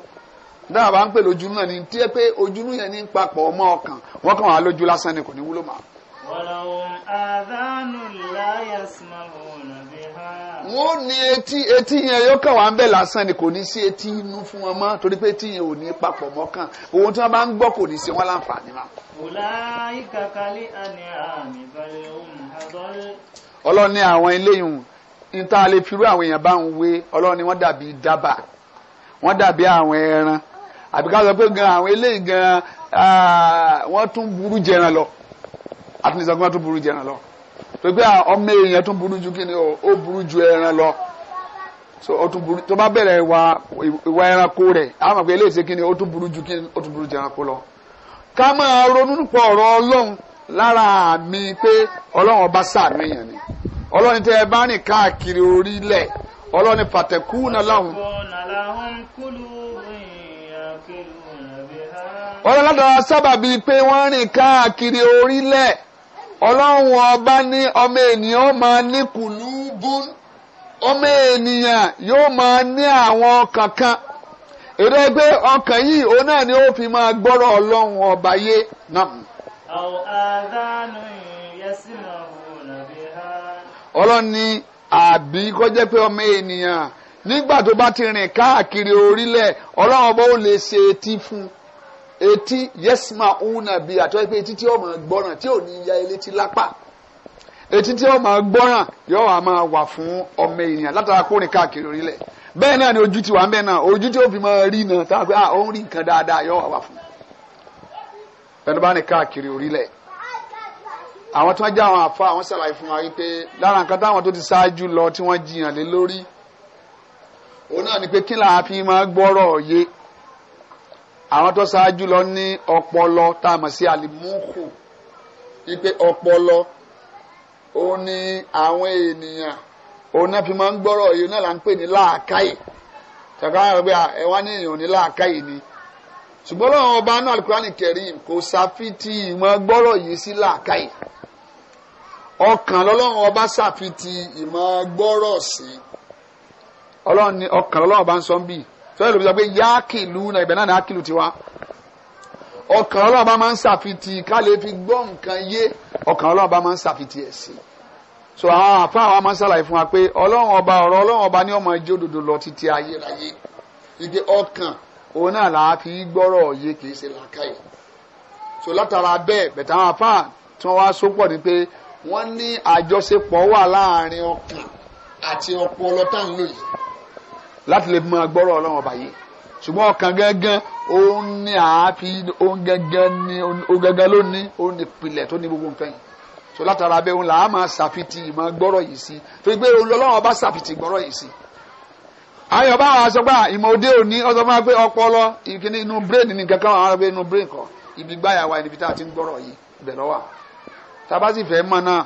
dáhà bá ń pè lójú náà ni tí ẹ pé ojú inú yẹn ní papọ̀ ọmọ ọkàn wọ́n kàn wá lójú lásán ni kò ní wúlò mọ́. wọ́n làwọn àdánù láyà sí máa wọ̀ nàbí wọ́n ní etí etí yẹn yóò kàn wá ń bẹ̀ lásán ni kò ní sí etí inú fún wọn mọ́ torí pé etí yẹn ò ní papọ̀ mọ́ kàn ohun tí wọ́n bá ń gbọ́ kò ní sí wọn láǹfààní mọ́. ọ̀làyíkà kalẹ̀ àní àmì balẹ̀ òun àbọ̀lẹ̀. ọlọ́run ní àwọn eléyìí níta lè firú àwọn èèyàn bá ń wé ọlọ́run ní wọ́n dàbí dábà wọ́n dàbí àwọn ẹran àbí ká sọ pé gan àwọn eléyìí gan ah, wọ́n tún burú jẹran lọ àtúnṣe pé pé ọmọ èèyàn tún burú ju kíni ó burú ju ẹran lọ so ó tún burú tó bá bẹ̀rẹ̀ ìwà ìwà ẹranko rẹ̀ á mọ̀ pé eléyìí ṣe kíni ó tún burú ju kíni ó tún burú ju ẹranko lọ. ká máa ronú nípa ọ̀rọ̀ ọlọ́run lára mi pé ọlọ́run ọba sàánú èèyàn ni ọlọ́run tẹ́ ẹ bá rìn káàkiri orílẹ̀ ọlọ́run pàtẹ́kù náà láwọn. ọlọ́run ládàá sábàbí pé wọ́n rìn káàkiri orílẹ̀ ọlọ́run ọba ní ọmọ ènìyàn máa ní kùlùbùn ọmọ ènìyàn yóò máa ní àwọn ọkàn kan èrè ọkàn yìí òun náà ni ó fi máa gbọ́rọ̀ ọlọ́run ọba yé náà. àwọn àdánù yẹsìnà òun àbí ha. ọlọ́run ní àbí kó jẹ́ pé ọmọ ènìyàn nígbà tó bá ti rìn káàkiri orílẹ̀ ọlọ́run ọba ó lè ṣe etí fún un etí yẹsùmá òun àbí àtọ́ ẹ pé etí tí ó máa gbọ́ràn tí ò ní ya elétí lápá etí tí ó máa gbọ́ràn yóò wá máa wà fún ọmọ ènìyàn látara kórìn káàkiri orílẹ̀ bẹ́ẹ̀ náà ni ojú ti wà ń bẹ́ẹ̀ náà ojú tí ó fi máa rí náà tá a pé à ah, ó ń rí nǹkan dáadáa yóò wá wà fún ẹnu bá ní káàkiri orílẹ̀ àwọn tí wọ́n jẹ́ àwọn àfa àwọn ṣàlàyé fún wa wípé lára nǹkan táwọn tó ti ṣáájú lọ tí wọ́n jiyàn lé lórí òun náà ni pé kí làá fi máa gbọ́rọ̀ yé àwọn tó ṣáájú lọ ní ọpọlọ tá a mọ̀ sí alimuhu wípé ọpọlọ ó ní àwọn ènìyàn òun náà fi máa ń gbọ́rọ̀ yìí náà là ń pè ní làákàyè tàbí àwọn ọ̀gbẹ́ ẹ wá ní èèyàn ní làákàyè ni ṣùgbọ́n lọ́wọ́ ọba náà alukurani kẹrim kò ṣàfitì ìmọ̀ gbọ́rọ̀ yìí sí làákàyè ọkàn lọ́lọ́run ọba ṣàfitì ìmọ̀ gbọ́rọ̀ sí ọlọ́run ni ọkàn lọ́lọ́run ọba ń sọ ń bíi sọ́yìn ló fi sọ pé yáàkìlú náà ibẹ̀ náà ní ákìlú tiwa ọkàn ọlọ́run bá máa ń ṣàfitì ká lè fi gbọ́ nǹkan yé ọkàn ọlọ́run máa ń ṣàfitì ẹ̀ sí so àwọn àfa àwọn máa ń ṣàlàyé fún wa pé ọlọ́run ọba ọ̀rọ̀ ọlọ́run ọba ní ọmọ ẹjọ́ òdodo lọ títí ayérayé ibi ọkàn òun náà là fi gbọ́rọ̀ yé kì ṣe làákàyè so látara bẹ́ẹ̀ bẹ̀tẹ̀ àwọn àfa tí wọ́n wá sópọ̀ ni pé wọ́n ní àjọṣepọ̀ wà láàárín ọkàn àti ọpọlọ táwọn lò láti lè mọ gbọ́rọ̀ ọlọ́run ọba yìí ṣùgbọ́n ọkàn gángan òun ni àáfi òun gángan ni òun ní pilẹ̀ tó ní gbogbo nǹkan yìí so látara bẹ́ẹ̀ òun là á máa ṣàfitì ìmọ̀ gbọ́rọ̀ yìí sí torí pé òun lọ́lọ́run ọba ṣàfitì gbọ́rọ̀ yìí sí. ayọ̀ bá wa sọ pé ìmọ̀ òde òní ọ̀sọ̀ máa gbé ọpọlọ ìkíní inú brain ní kankan àwọn ará pé inú brain kan ibi gbáyà wa níbi tá a ti ń gbọ́rọ̀ yìí ibẹ̀ lọ́wọ́ tá a bá náà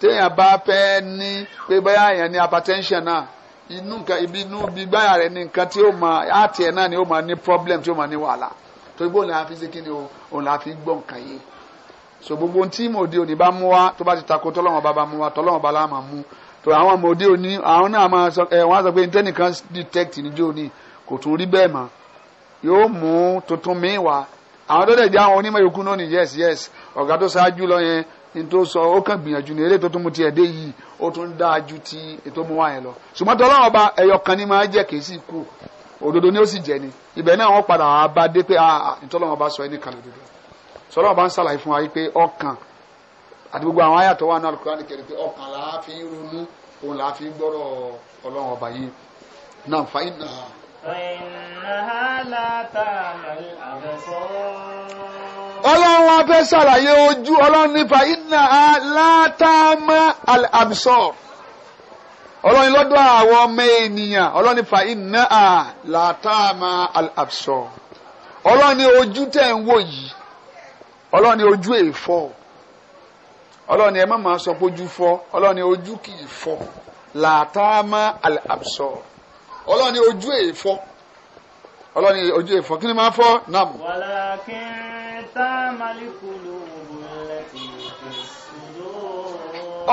téèyàn bá fẹ́ ní pé bóyá èèyàn ní hypertension náà inú nǹkan ibi inú ibi gbáyà rẹ ní nǹkan tí ó máa àti ẹ̀ náà ni ó máa ní problem tí ó máa ní wàhálà torí bóun la fi ṣe kí ni o òun la fi gbọ́ nǹkan yìí so gbogbo ohun tí mòde òní bá mú wa tó bá ti takò tọ́lọ́wọ́n bá bá mú wa tọ́lọ́wọ́n bá láàmà mú tó àwọn mòde òní àwọn náà máa sọ ẹ wọ́n á sọ pé tẹ́nìkan detect níjó ni kò tún rí bẹ́ẹ̀ mọ́ yóò mú tuntun míì wá àwọn tó dẹ̀ jẹ́ àwọn onímọ̀ yòókù náà ni yes yes ọ̀gá tó ṣáájú lọ yẹn nítorí sọ ó kàn gbìyànjú ní eré tó tún mú tiẹ̀ yìí ó tún dáa ju ti ètò mú wáyẹn lọ ṣùgbọ́n tọ́lọ́wọ́ bá ẹyọ kan ní máa jẹ́ kì í sì kú òdodo ni ó sì jẹ́ ni ibẹ̀ náà wọ́n padà wá bá dé pé ìtọ́lọ́wọ́ ah, ah, bá sọ ẹni kan lòdodo sọlọ́wọ́ bá ń ṣàlàyé fún wa yìí pé ọkàn àti gbogbo àwọn àyàtọ̀ wà náà Al-Qur'an kẹrì ọkàn là á fi ronú òun là á fi gbọ́rọ̀ Ọlọ́run ọba yìí náà fa iná. fa iná la ọlọ́run wa fẹ́ ṣàlàyé ojú ọlọ́run nípa iná látàmà àbísọ̀ ọlọ́run lọ́dọ̀ àwọn ọmọ ènìyàn ọlọ́run nípa iná látàmà àbísọ̀ ọlọ́run ní ojú tẹ̀ ń wò yìí ọlọ́run ní ojú èèfọ́ ọlọ́run ní ẹ má máa sọ pé ojú fọ́ ọlọ́run ní ojú kì fọ́ látàmà àbísọ̀ ọlọ́run ní ojú èèfọ́ ọlọ́ni ojú èfọ́ kí ni máa fọ́ nam. wàlákin táàmàlì kùlùbù lẹ́tì ìfẹ̀sùn.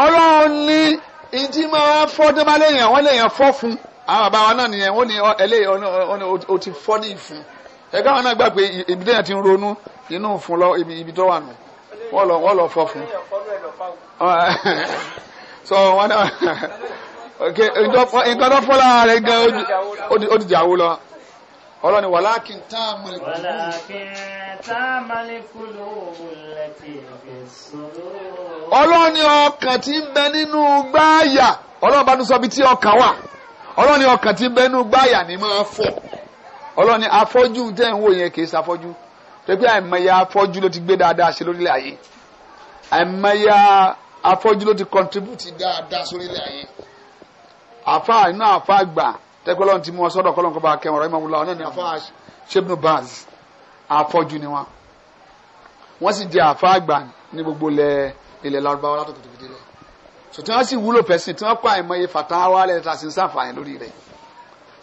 ọlọ́run ní ìjì máa fọ́ débálẹ̀ yẹn wọ́n lè yẹn fọ́ fún àwọn bàbá náà nìyẹn wọ́n ní ẹlẹ́yìn o ti fọ́ ní ìfún ẹ̀ka wọn náà gbà ibi tẹ́yàn ti ń ronú inú fún lọ ibi tó wà nù wọ́n lọ fọ́ fún. so wọn náà nǹkan tó fọ́ lára rẹ̀ gan ó ti wó lọ ọlọ́ni wàlákin táàmàlì ọlọ́ni ọkàn tí ń bẹ nínú gbáàyà ọlọ́run bá tún sọ bí tí ọkàn wà ọlọ́ni ọkàn tí ń bẹ nínú gbáàyà ni máa fọ́ ọlọ́ni afọ́jú tẹ́ ń wò yẹn kì í ṣàfọ́jú pépé àìmọye afọ́jú ló ti gbé dáadáa ṣe lórílẹ̀ ayé àìmọye afọ́jú ló ti contribute dáadáa sórílẹ̀ ayé àfa inú àfa gbà tẹ́gbọ́lọ́n ti mú wọn sọ́dọ̀ kọ́lọ́n kọ́ bá kẹ́ wọn rẹ̀ ìmọ̀wúlá ní àfa ṣẹ́bùnú baz àfọ́jú ni wọn. wọ́n sì di àfa àgbà ní gbogbo ilẹ̀ ilẹ̀ Lárúbáwá látọ̀ kùtùkù délẹ̀. so tí wọ́n sì wúlò pẹ̀sìn tí wọ́n kọ́ àìmọye fatawa lẹ́yìn tá a sì ń sàǹfààní lórí rẹ̀.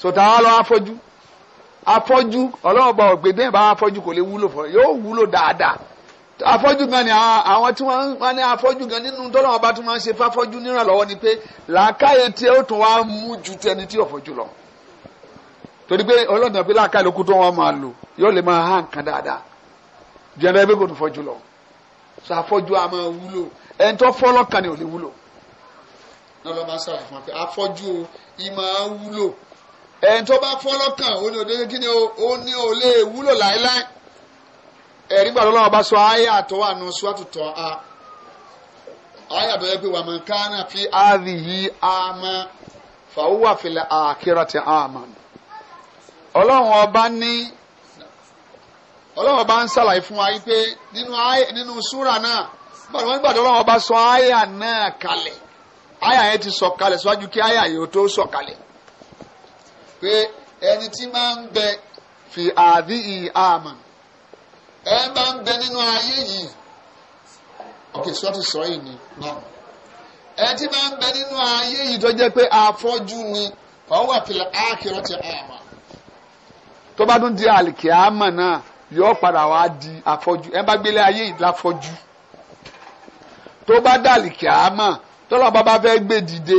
so tá a lọ afọ́jú afọ́jú ọlọ́wọ́ bá ọ̀gbẹ́dẹ́ bá afọ́jú kò lè wúlò fọ́ yóò wúlò dáadáa afọ́jú gan ni àwọn tí wọ́n ní afọ́jú gan nínú tọ́lọ́ ọba tí wọ́n ṣe fáfọ́jú nírànlọ́wọ́ ni pé làákàyè tí ó tún wá mú ju ti ẹni tí ọ̀fọ́jú lọ. torí pé ọlọ́dún àbí làákàyè ló kú tó wọ́n máa lò yóò lè máa hàn kan dáadáa jẹ́nà ẹgbẹ́ kò tún fọ́jú lọ. sọ afọ́jú a máa wúlò ẹni tó fọ́ lọ́kàn ni ò lè wúlò. lọ́lọ́ máa sàrò fún wa ẹ̀rí gbàdúrà lọ́wọ́ bá sọ àyà tó wà nù sùwàtú tọ́ a àyà tó yẹ pé wàmọ̀ kánà fi áàdì yìí àmà fàwùwà fìlà àkírà ti àmà ọlọ́run ọba ní ọlọ́run ọba ń ṣàlàyé fún wa yìí pé nínú àyà nínú súrà náà gbàdúrà wọn gbàdúrà lọ́wọ́ bá sọ àyà náà kalẹ̀ àyà yẹn ti sọ kalẹ̀ síwájú kí àyà yìí ó tó sọ kalẹ̀ pé ẹni tí máa ń bẹ fi àdì yìí àmà ẹ bá ń bẹ nínú ayé yìí ok sọ́ọ́tù sọ yìí ni náà ẹ ti bá ń bẹ nínú ayé yìí tó jẹ́ pé afọ́jú ni fọwọ́ àpilẹ̀ ákìrọ̀ ti àmà tó bá dún di àlìkè àmà náà yóò padà wá di afọ́jú ẹ bá gbélé ayé yìí láfọ́jú tó bá dàlìkè àmà tọ́lọ́ bàbá fẹ́ gbé dìde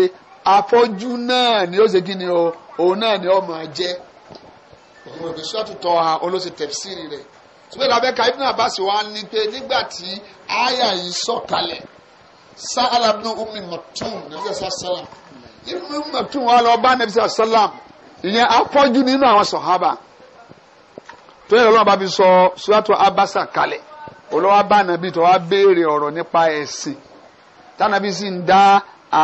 afọ́jú náà ni ó ṣe kí ni o òun náà ni ó máa jẹ́ òun ò fi sọ́ọ̀tù tọ́ ha olóṣèlú tẹ̀síìrì rẹ̀ sọ́kè làbẹ́ka Ibn Abbas wa ní pé nígbà tí àyà yìí sọ̀kalẹ̀ sa'ala ibn Ummi Maktum nàbí sàlám Ummi Maktum wà lọ bá nàbí sàlám ìyẹn afọ́jú nínú àwọn sọ̀hábà tó yẹ lọ́wọ́ bá fi sọ suratu Abasa kalẹ̀ olówó bá nàbí tó wá béèrè ọ̀rọ̀ nípa ẹ̀sìn tànàbí sì ń dá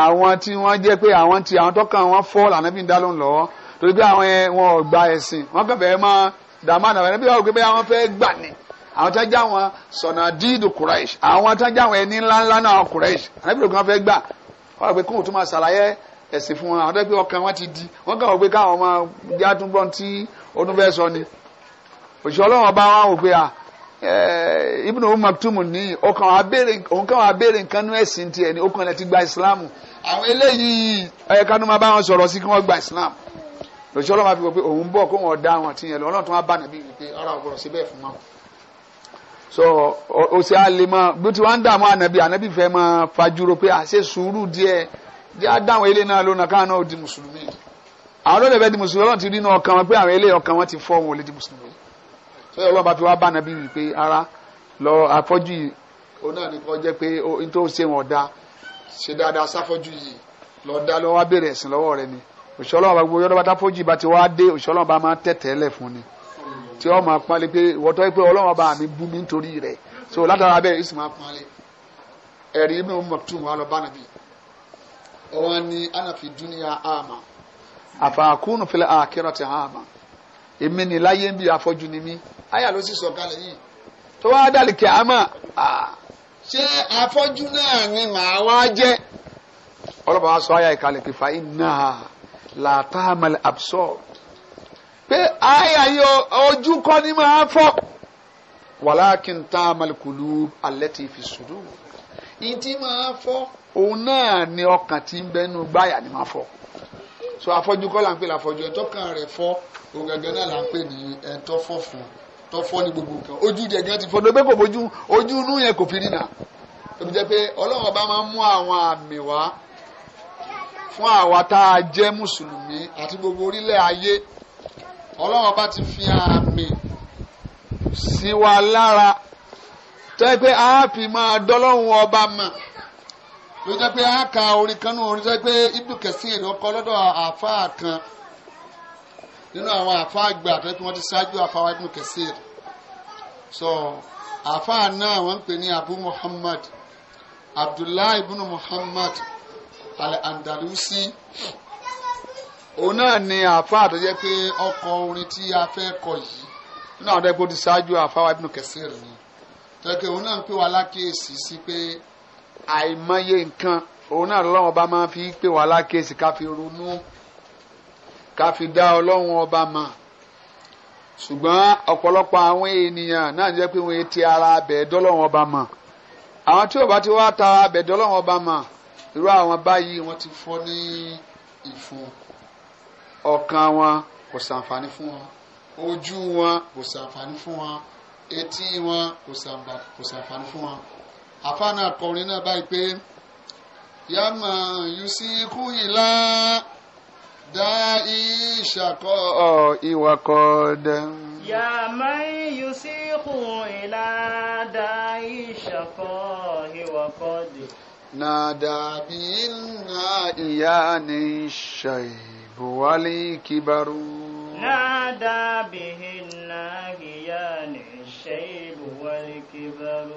àwọn tí wọ́n jẹ́ pé àwọn tí àwọn tó kàn wọn ò dàmánà wọn ẹni bí wọn gbé bẹ́ẹ̀ àwọn fẹ́ gbà ni àwọn tó ń já wọn sọ̀nà díìdù Quraish àwọn tó ń já wọn ẹni ńláńlá náà Quraish ànábì lògùn wọn fẹ́ gbà wọn pé kóhùn tó máa ṣàlàyé ẹ̀sìn fún wọn àwọn tó ń pè ọkàn wọn ti di wọn kàn wọ́n pé káwọn ọmọ já tún gbọ́n tí ọdún fẹ́ sọ ni òṣìṣẹ́ ọlọ́wọ́n bá wọn wò pé à Ibn Umm Maktum ní òun kàn wá béèrè nǹkan nú ẹ̀sìn tiẹ̀ ní ọkàn rẹ̀ ti gba ìsìlámù àwọn eléyìí ẹ̀ka ni wọ́n bá wọn sọ̀rọ̀ sí kí wọ́n gba ìsìlámù lọ́sọ̀ ọlọ́run àfi wọ pé òun bọ̀ kó wọn dá wọn tiyan lọ ọlọ́run tó wá bá nàbí wípé ọ̀rọ̀ ọ̀gbọ̀rọ̀ síbẹ̀ fún wọn. so o ṣe àlemọ bí tí wọn ń dààmú ànàbí ànàbí fẹ́ máa fajúro pé àṣẹ sùúrù díẹ̀ díẹ̀ á dáwọn ilé náà lónà káwọn náà di mùsùlùmí àwọn olóòdè fẹ́ di mùsùlùmí ọlọ́run ti rí náà ọkàn wọn pé àwọn ilé ọkàn wọn ti fọ́ wọn ò lè di mùsùlùmí so ọlọ́run bá fi ara lọ afọ́jú yìí òun náà ní kọ́ jẹ́ pé n tó ṣe wọn ọ̀dà ṣe dáadáa sáfọ́jú yìí òṣìṣẹ́ ọlọ́run bá gbogbo yọ́dọ́ bá tá fojì bá ti wá dé òṣìṣẹ́ ọlọ́run bá máa tẹ̀tẹ̀ lẹ̀ fún ni tí wọ́n máa pọ́nlé pé ìwọ́tọ́ pé ọlọ́run bá mi bú mi nítorí rẹ̀ so látara bẹ́ẹ̀ ìsìn máa pọ́nlé ẹ̀rí inú mọ̀tún wa lọ bá nàbí ọwọ́ ni ànàfi dúnìyà àmà àfàkùnù fìlẹ̀ àkẹ́rọ̀ ti àmà èmi ni láyé ń bí afọ́jú ni mí àyà ló sì sọ kalẹ̀ yìí tó wá dàlí kẹ́ ni màá wá jẹ́ ọlọ́pàá wa sọ àyà ìkàlẹ̀ pé fàáyín làtàmàl absor pé àyà yọ ojú kọ́ ni máa fọ́ wàlákin tàmàl kulub allati fi sudur ìtì máa fọ́ òun náà ni ọkàn tí ń bẹnu gbáyà ni máa fọ́ so afọ́jú kọ́ là ń pè láfọ́jú ẹ̀ tọ́kàn rẹ̀ fọ́ òun gẹ́gẹ́ náà là ń pè ní ẹ̀ tọ́ fọ́ fún un tọ́ fọ́ ní gbogbo nǹkan ojú jẹ gan ti fọ́ lóbi kò bójú ojú inú yẹn kò fi rí nà tóbi jẹ pé ọlọ́run ọba máa ń mú àwọn àmì wá fún àwa tá a jẹ́ mùsùlùmí àti gbogbo orílẹ̀ ayé ọlọ́run bá ti fi àmì sí wa lára tẹ́ pé a fi máa dọ́lọ́run ọba mọ̀ ló jẹ́ pé a ka orin kan náà orin jẹ́ pé Ibnu Kathir ọkọ lọ́dọ̀ àáfàá kan nínú àwọn àáfàá àgbà àtẹ́tí tí wọ́n ti ṣáájú àfàá Ibnu Kathir so àáfàá náà wọ́n ń pè ní Abu Muhammad Abdullahi ibn Muhammad al-Andalusi òun náà ni àfa àtọ́jẹ́ pé ọkọ̀ orin tí a fẹ́ kọ yìí nínú àwọn ẹgbẹ́ ti ṣáájú àfa wa Ibn Kathir ni tẹ́kẹ̀ òun náà ń pè wá lákèésí sí pé àìmọye nǹkan òun náà lọ́wọ́ ọba máa fi pè wá lákèésí ká fi ronú ká fi dá ọlọ́run ọba mọ̀ ṣùgbọ́n ọ̀pọ̀lọpọ̀ àwọn ènìyàn náà jẹ́ pé wọ́n ti ara abẹ̀ dọ́lọ́run ọba mọ̀ àwọn tí ò bá ti wá ta abẹ̀ dọ́lọ́run ọba mọ̀ irú àwọn báyìí wọ́n ti fọ́ ní ìfun ọkàn wọn kò ṣàǹfààní fún wọn ojú wọn kò ṣàǹfààní fún wọn etí wọn kò ṣàǹfààní fún wọn àfáàná akọrin náà báyìí pé yàmà yusiku ìlà dá ìṣàkọ ìwàkọ dẹ. yàmà yusiku ìlà dá ìṣàkọ ìwàkọ dẹ. نادى بإنا إياني الشيب والكبر نادى به الناهيان الشيب والكبر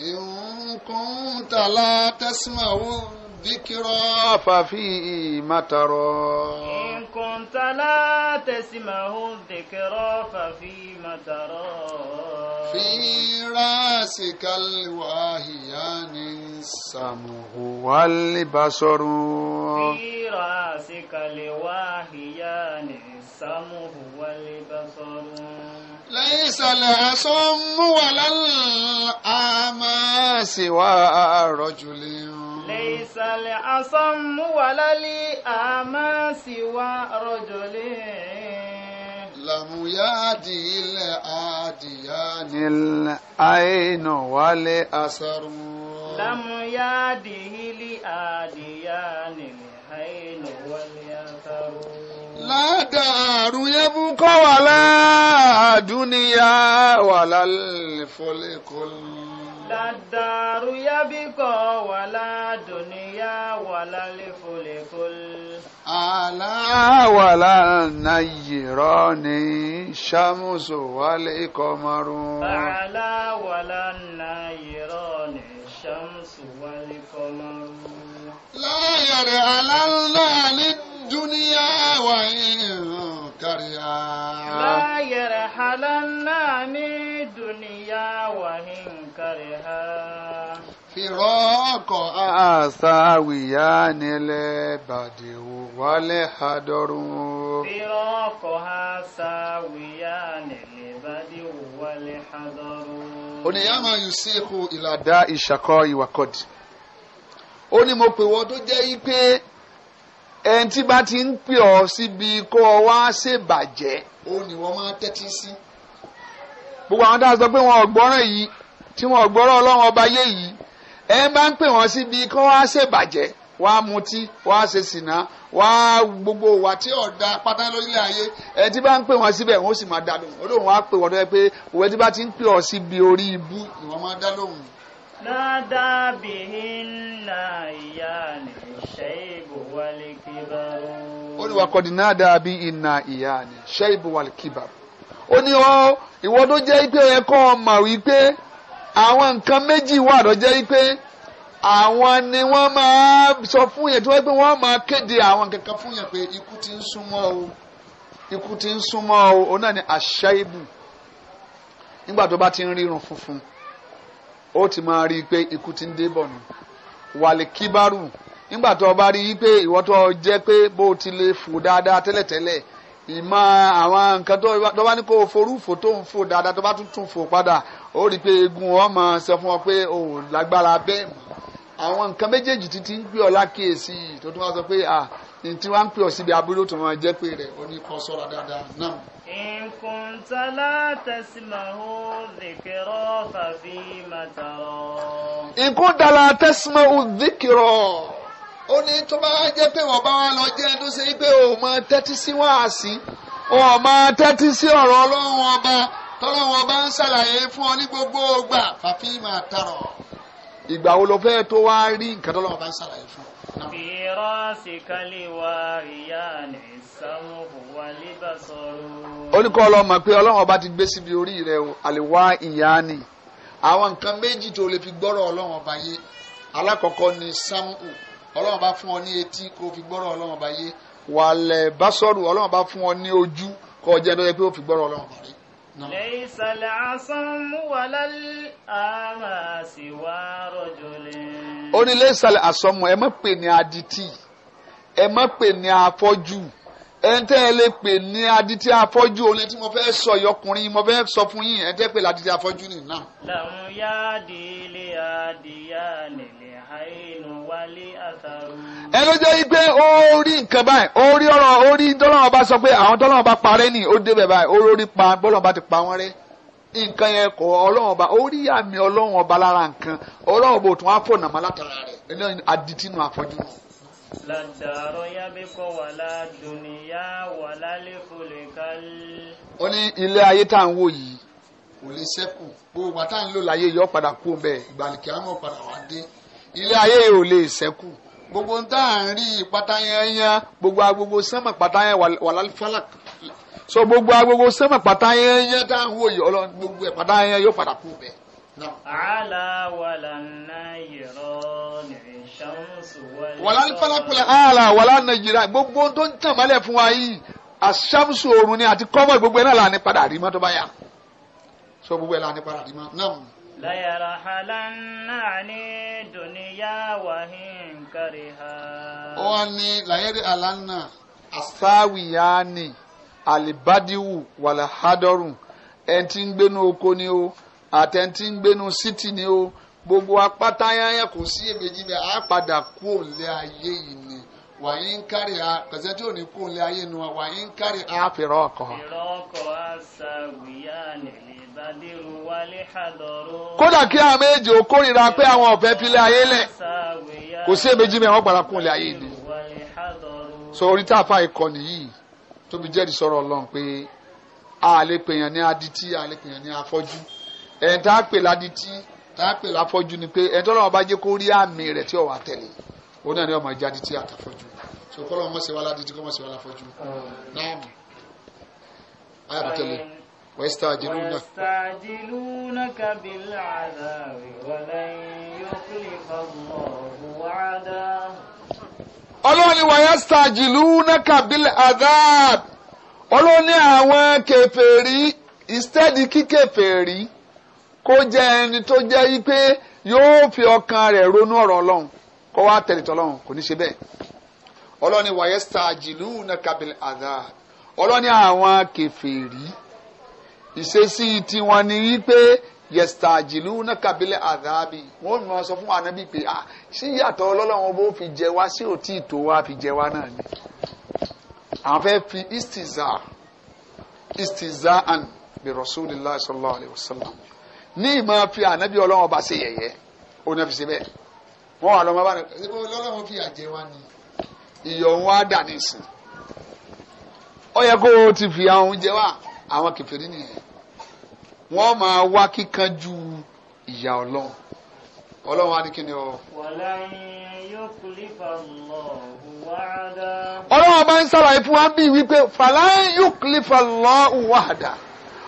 إن كنت لا تسمعون الذكرى ففيه ما ترى إن كنت لا تسمع الذكرى ففيه ما ترى في راسك الواهيان السمع والبصر في راسك الواهيان السمع والبصر ليس الأصم ولا الأعمى سوى رجل ليس الأصم ولا الأعمى سوى رجل لم يهدي الأديان العين والأثر لم يهده الأديان العين والأثر ládàrú yẹ́bù kọ́ wà láàdúnìyá wà lálẹ́fọ́lẹ́kọ́. ládàrú yẹ́bù kọ́ wà láàdúnìyá wà lálẹ́fọ́lẹ́kọ́. àlá wà lánà yìrọ́ ní sàmùsù wálé kọ́mọ́rún. àlá wà lánà yìrọ́ ní sàmùsù wálé kọ́mọ́rún. láyàrá alálàá ní. الدنيا وإن كرها لا يرحلن من الدنيا وإن كرها فراق أساويان البدو والحضر فراقها ساويان البدو والحضر oníyàmà yusiku ìlàdá ìṣàkọ ìwàkọdì ó ní mo pè wọ́n tó jẹ́ yí pé ẹni tí bá ti ń pè ọ síbi kó ọ wá ṣèbàjẹ́ ó ní wọ́n máa tẹ́tí sí. gbogbo àwọn dáhùn sọ pé wọn ò gbọ́ràn yìí tí wọn ò gbọ́ràn ọlọ́run ọba yé yìí ẹ bá ń pè wọ́n síbi kó wá ṣèbàjẹ́ wá mutí wá ṣe sìnà wá gbogbo wa tí ọ̀dà pátá lórílẹ̀ ayé ẹ tí bá ń pè wọ́n síbẹ̀ wọ́n sì máa dá lóhùn olóhùn wá pè wọ́n tó yẹ pé òwe tí bá ti ń pè ọ síbi orí ibú ni wọ́n máa dá lóhùn نادى بهن إيان الشيب والكبر Oni wa kodi nada bi inna iyani. Shaibu wal kibar. Oni o, iwo do je ipe eko oma wipe. Awa nka meji wa je ipe. Awa ni wa ma so funye. Tuwa ipe wa ma kedi awa nke ka funye kwe. Ikuti nsuma o. Ikuti nsuma o. Ona ni ashaibu. Ingwa do ba ó ti máa rí i pé ikú ti ń dé nù wàlẹ̀ kíbárù nígbà tó o bá rí i pé o jẹ́ pé bó o ti lè fò dáadáa tẹ́lẹ̀tẹ́lẹ̀ ìmọ̀ àwọn nǹkan tó bá ní kó o forú fò tó ń fò dáadáa tó bá tún pé egun ọ máa sọ fún ọ o ò lágbára bẹ́ẹ̀ mọ́ àwọn nǹkan méjèèjì ń gbé ọ lákèésí tó ntí wàá ń pè ọ síbi abúlé tó máa jẹ́ pé rẹ̀ ó ní kọ́ sọ́ra dáadáa náà. ìkùntàlá tẹ̀símàhó dìkìrọ̀ fàfi màtàrọ̀. ìkùntàlá tẹ̀símàhó dìkìrọ̀ ó ní tó bá wá jẹ́ pé wọ́n bá wá lọ jẹ́ ẹnu ṣe pé ò máa tẹ́tí sí wáàsí ò máa tẹ́tí sí ọ̀rọ̀ ọlọ́run ọba tọ́lọ́run ọba ń ṣàlàyé fún ọ ní gbogbo ìgbà fàfi màtàrọ̀. ìgbà wo lo fẹ́ tó wá rí nǹkan tọ́lọ́run ọba ń ṣàlàyé fún ọ في راسك لواريان السمع والبصر ó ní kọ́ ọlọ́run mọ̀ pé ọlọ́run ọba ti gbé síbi orí rẹ o àlèwá ìyáni àwọn nǹkan méjì tó lè fi gbọ́rọ̀ ọlọ́run ọba yé alákọ̀ọ́kọ́ ni samu ọlọ́run ọba fún ọ ní etí kó fi gbọ́rọ̀ ọlọ́run ọba yé wàlẹ̀ bá sọ̀rọ̀ ọlọ́run ọba fún ọ ní ojú kó jẹ́ ẹni pé ó fi gbọ́rọ̀ ọlọ́run ọba yé ليس العصم ولا الأعمى سوى رجل ó ليس العصم ẹ má pè إما adití ẹ má pè ní afọ́jú ẹnitẹ́ ẹ lè pè ní adití afọ́jú òun tí mo fẹ́ sọ yọkùnrin mo fẹ́ sọ fún yín ẹnitẹ́ pè ní adití nìyí náà. làwọn yáàdì ilé adìyá nìyí ẹ ló jẹ́ pé ó rí nǹkan báyìí ó rí ọ̀rọ̀ ó rí tọ́lọ́wọ́n bá sọ pé àwọn tọ́lọ́wọ́n bá parẹ́ nì ó débẹ̀ báyìí ó rí pa bọ́lọ́wọ́n bá ti pa wọ́n rẹ́ nǹkan yẹn kọ ọlọ́wọ́n bá ó rí àmì ọlọ́wọ́n bá lára nǹkan ọlọ́wọ́n bò tún á fò nàmá látara rẹ̀ ẹlẹ́yìn aditínú àfọ́jú. làdàrọ yábí kọ wà ládùnìyá wà lálẹ́ fòlè kálí. ó ní ilé ayé tá à ń wò yìí kò lè ṣẹ́kù gbogbo àtàǹlò láyé yọ padà kú bẹ́ẹ̀ ìgbàlùkì àmọ́ padà wá dé ilé ayé yìí ò lè ṣẹ́kù gbogbo ń tà ń rí pátá yẹn yẹn gbogbo agbogbo sẹ́mọ̀ pátá yẹn wàlálífàlà so gbogbo agbogbo sẹ́mọ̀ pátá yẹn yẹn tá à ń wò yìí ọlọ́run gbogbo ẹ̀ pátá yẹn yóò padà kú bẹ́ẹ̀. Ala wala nayirani shamsu wal. Wala alifalakula ala wala nayira gbogbo tó ń tàn mọ́lẹ̀ fún wa yìí asamsu oorun ni àti kọ́mọ̀ gbogbo ẹ̀ náà la padà rí mọ́ tó So gbogbo ẹ̀ la ní padà rí mọ́ náà láyàràhàlánà ní dùníyà wàhín kárìhà. ó wá ní láyẹ̀rì àlánà asáwìyáni alibadiwu wàlàhádọ́rùn ẹni ń gbénu oko ni o àtẹni tí ń gbénu sítì ni o gbogbo apátáyáyá kò sí èméjì bẹ́ẹ̀ á padà kú òǹlẹ̀ ayé yìí ni wàyí ń kárí a pẹ̀sẹ̀ tí ò ní kún ilé ayé nu wa wàyí ń kárí a fìrọ̀ ọkọ̀. kódà kí àwọn méje ò kórìíra pé àwọn ọ̀fẹ́ fi ilé ayé lẹ̀ kò sí èméjì mi àwọn gbàrà kún ilé ayé ni. sọ orí tá a fa ìkọ̀nì yìí tóbi jẹ́rìí sọ̀rọ̀ ọlọ́run pé a lè pèèyàn ní adití a lè pèèyàn ní afọ́jú ẹ̀ ń tá a pè ládití tá a pè láfọ́jú ni pé ẹ̀ ń tọ́lọ́wọ́n bá jẹ́ kó rí àmì rẹ̀ tí ò tẹ̀lé òun náà ni ọmọ ìjáde tí a so kọ́lọ́ wọn mọ̀sẹ̀ wà ládìtì kọ́ mọ̀sẹ̀ wà láfọ́jú náà ayà tó tẹ̀lé ويستعجلونك ويستعجلونك بالعذاب ولن يخلف الله وعده ọlọ́run ni wayastajilunaka bil adab ọlọ́run ní àwọn kèfèrí ìstẹ́dì kíkèfèrí kó jẹ́ ẹni tó jẹ́ wípé yóò fi ọkàn rẹ̀ ronú ọ̀rọ̀ ọlọ́run kó wá tẹ̀lé tọ́lọ́run kò ní ṣe bẹ́ẹ̀ ọlọ́ni wàyẹ sàjìlú na kabil azab ọlọ́ni àwọn kèfèrí ìṣesí tiwọn ni wípé yẹsàjìlú na kabil azabi wọn ò mọ sọ fún anabi pé ah sí yàtọ̀ ọlọ́lọ́wọ́n bó fi jẹ wá sí òtí ìtò wa fi jẹ wá náà ni àwọn fẹ́ fi istiza istiza an bi rasulillah sallallahu alayhi wa sallam ní ìmọ̀ fi anabi ọlọ́wọ́n bá ṣe yẹ̀yẹ́ ó náà fi ṣe bẹ́ẹ̀ wọ́n wà lọ́mọ bá ní. ṣé bó lọ́lọ́wọ́n fi àjẹ wá ni. ìyọ̀ ń wá dà ti fi àwọn àwọn wọ́n ma wá kíkanjú ìyà ọlọ́run ọlọ́run á ni ọlọ́run ọba ń sàlàyé fún wa bí wípé fàlàyé yóò kìlífà lọ́ọ́ wàdà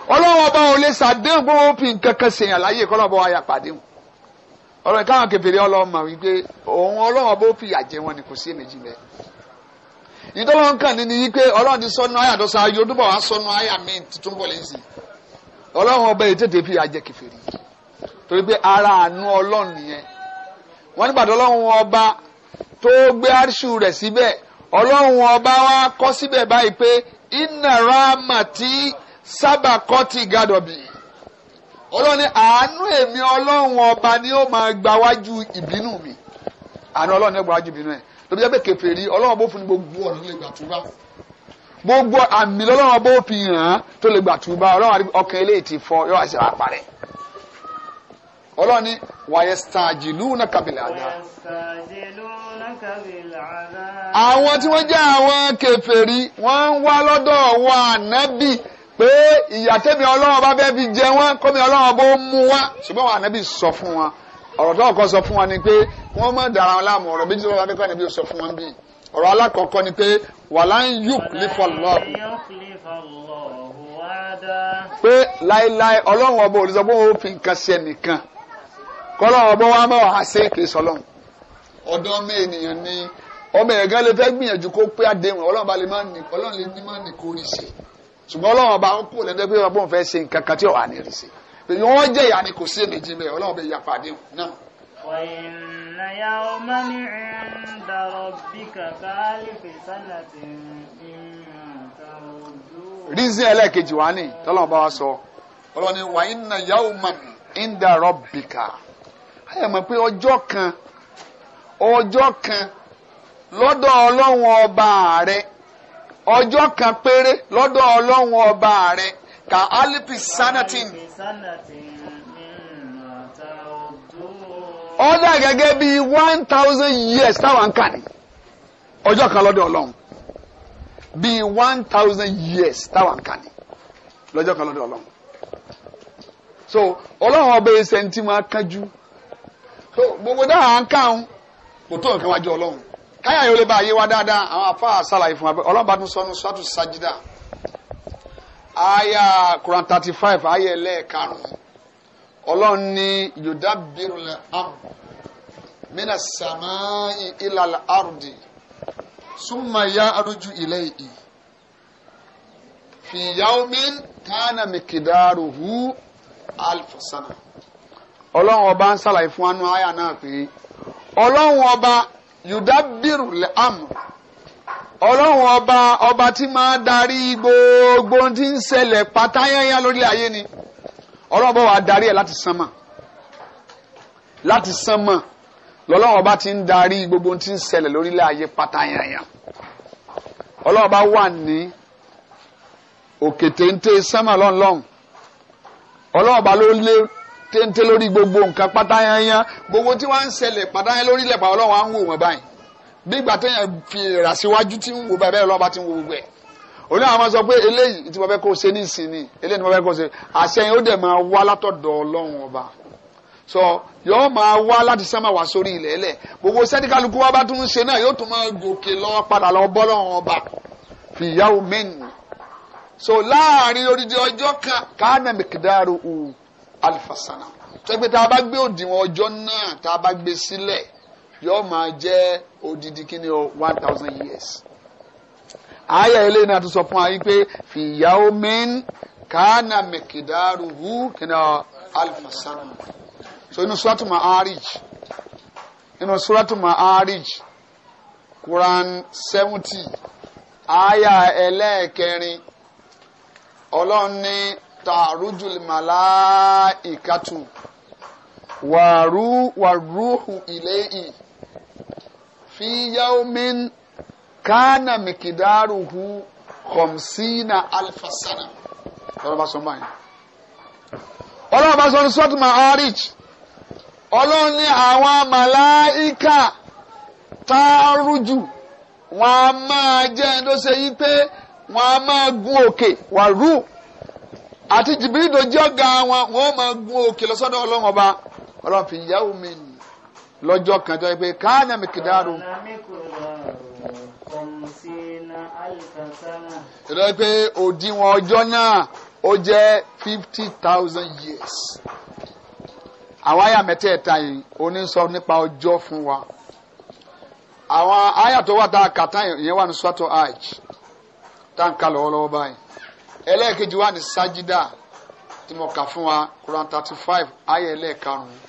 ọba fi nǹkan kan láyé wa pàdé ọ̀rọ̀ yìí káwọn kẹfìrí ọlọ́mọ wípé òun ọlọ́wọ́ bó fìyà jẹ wọn ni kò sí èméjì bẹ́ẹ̀ ìtọ́lọ́wọ́ kàn ní ni wípé ọlọ́run ti sọnù àyà tó sáájú odúbọ̀ sọnù àyà mi tuntun bọ̀ lẹ́sìn ọlọ́run ọba yìí tètè fìyà jẹ kẹfìrí torí pé ara àánú ọlọ́run nìyẹn wọ́n nígbà tó ọlọ́run ọba tó gbé àríṣù rẹ̀ síbẹ̀ ọlọ́run ọba wa kọ́ síbẹ̀ báyìí pé ìnàrà màtí sábà kọ́ ti gàdọ̀bì ọlọ́run àánú èmi ọlọ́run ọba ni ó máa gba ìbínú mi àánú ọlọ́run ní ìbínú ẹ̀ lóbi jẹ́ pé kèfèrí fún gbogbo ọ̀nà lè gbà túbá gbogbo àmì lọ́lọ́run bó fi hàn tó lè gbà ọlọ́run ọkàn ilé ti fọ yóò wá sí wa pé ìyà tẹ́mi ọlọ́run bá bẹ́ẹ̀ fi jẹ wọ́n kọ́mi ọlọ́run bó mú wá ṣùgbọ́n wọn ànábì sọ fún wọn ọ̀rọ̀ tó kọ́ sọ fún wọn ni pé wọ́n mọ̀ dára wọn láàmú ọ̀rọ̀ méjì lọ́wọ́ akẹ́kọ̀ọ́ ànábì sọ fún wọn bí ọ̀rọ̀ alákọ̀ọ́kọ́ ni pé wàlá ń yùk lífọ̀lọ́ pé láéláé ọlọ́run ọba òrìṣà bó fi nǹkan ṣe nìkan kọ́lọ́run ọba wa mọ̀ wá sí ni ọmọ ẹ̀gán ṣùgbọ́n ọlọ́run ọba ń kú lẹ́dẹ́ pé ọlọ́run fẹ́ ṣe nǹkan kan tí ọ̀hà ní rí sí i wọ́n jẹ́ ìyá kò sí èméjì mẹ́ ọlọ́run bẹ yàfa àdéhùn náà. wàyìnà ọmọ ní ìdàrọ̀ bí kàkà àlìfẹ́ sálà ti ń rízìn ẹlẹ́ẹ̀kejì wá ní tọ́lọ́run bá wa sọ ọlọ́run ni wàyìnà ya ọmọ ìdàrọ̀ bí kà ọjọ́ kan péré lọ́dọ̀ ọlọ́run ọba rẹ ka alipi sanatin ọdọ gẹ́gẹ́ bíi one thousand years táwọn kà ní ọjọ́ kan lọ́dọ̀ ọlọ́run bíi one thousand years táwọn kà ní lọ́jọ́ kan lọ́dọ̀ ọlọ́run so ọlọ́run ọba ẹsẹ̀ ntí máa kájú so gbogbo dáhà ń kàn kò tó nǹkan wájú ọlọ́run. káyà yóò lè bá yé wa dáadáa àwọn afáà sàlàyé fún wa ọlọ́ba tún sọnù sọ́tù sàjídà àyà Quran thirty five àyà ẹlẹ́ẹ̀karùn-ún ọlọ́run ní yòdá bírúlẹ̀ am mina sàmáì ìlàlẹ̀ àrùdì súnmọ́ ya arújú ilé yìí fi yawmin kánà mikidaruhu alfasana ọlọ́run ọba ń sàlàyé fún wa àyà náà pé ọlọ́run ọba yudabiru le amu ọlọ́run ọba ọba tí máa darí gbogbo tí ń ṣẹlẹ̀ pátáyáyá lórí ayé ni ọlọ́run ọba wà darí ẹ̀ láti sánmà láti sánmà lọ́lọ́run ọba ti ń darí gbogbo tí ń ṣẹlẹ̀ lórí ayé pátáyáyá ọlọ́run ọba wà ní òkè téńté sánmà lọ́nlọ́run ọlọ́run ọba ló lé téńté lórí gbogbo nǹkan pátáyányá gbogbo tí wọ́n ń ṣẹlẹ̀ pátáyán lórí ilẹ̀ pàwọ́ lọ́wọ́ à ń wò wọ́n báyìí bí ìgbà téèyàn fi rà síwájú tí ń wò báyìí bẹ́ẹ̀ lọ́ba ti ń wo gbogbo ẹ̀ oní àwọn sọ pé eléyìí tí mo fẹ́ kó o ṣe ní ìsinmi eléyìí tí mo fẹ́ kó o ṣe àṣẹ ó dẹ̀ máa wá látọ̀dọ̀ ọlọ́run ọba so yóò máa wá láti sánmà wá sórí ilẹ̀ ẹlẹ̀ gbogbo sẹ́díkàlùkù wa bá tún ń ṣe náà yóò tún máa gòkè lọ padà lọ bọ́ lọ́run ọba fìyàwó mẹ́nu so láàrin odidi ọjọ́ kan káàdà mẹ́kìdáàrú òun alifasana tẹgbẹ tá a bá gbé òdiwọ̀n ọjọ́ náà tá a bá gbé sílẹ̀ yóò máa jẹ́ odidi kíni o one thousand years àyà eléyìí náà tún sọ fún wa yìí pé fìyàwó min kánà mẹkìdárù hu kíni o alifasana so inú suratu ma'arij inú suratu ma'arij quran seventy àyà ẹlẹ́ẹ̀kẹrin ọlọ́run ní tààrújul màláìkàtù wàrú wàrúhù ilayhi fi yawmin kánà mìkìdárùhù kọ̀msínà alfasana. ọlọ́run bá sọ báyìí ọlọ́run bá sọ ní sọ́tù maharij ọlọ́run ní àwọn màláìkà tààrújù wọn a máa jẹ́ ẹni tó ṣe yí pé wọn a máa gun òkè wàrú. àti jìbìrì dojú ọ̀gá wọn wọ́n máa gun òkè lọ́sọ́dọ̀ ọlọ́run ọba ọlọ́run fi yá omi lọ́jọ́ kan tó yẹ pé káàná mi kìdáàrú. ìrọ̀ pé òdiwọ̀n ọjọ́ náà ó jẹ́ fifty thousand years. àwọn àyà mẹ́tẹ̀ẹ̀ta yìí oní sọ nípa ọjọ́ fún wa. àwọn àyà tó wà tá a kà tán yẹn wà ní sọ́tọ̀ hajj tá n kà lọ́wọ́lọ́wọ́ báyìí. ẹlẹ́ẹ̀kejì wà ní sájídà tí mo kà fún wa Quran thirty five ayé ẹlẹ́ẹ̀karùn-ún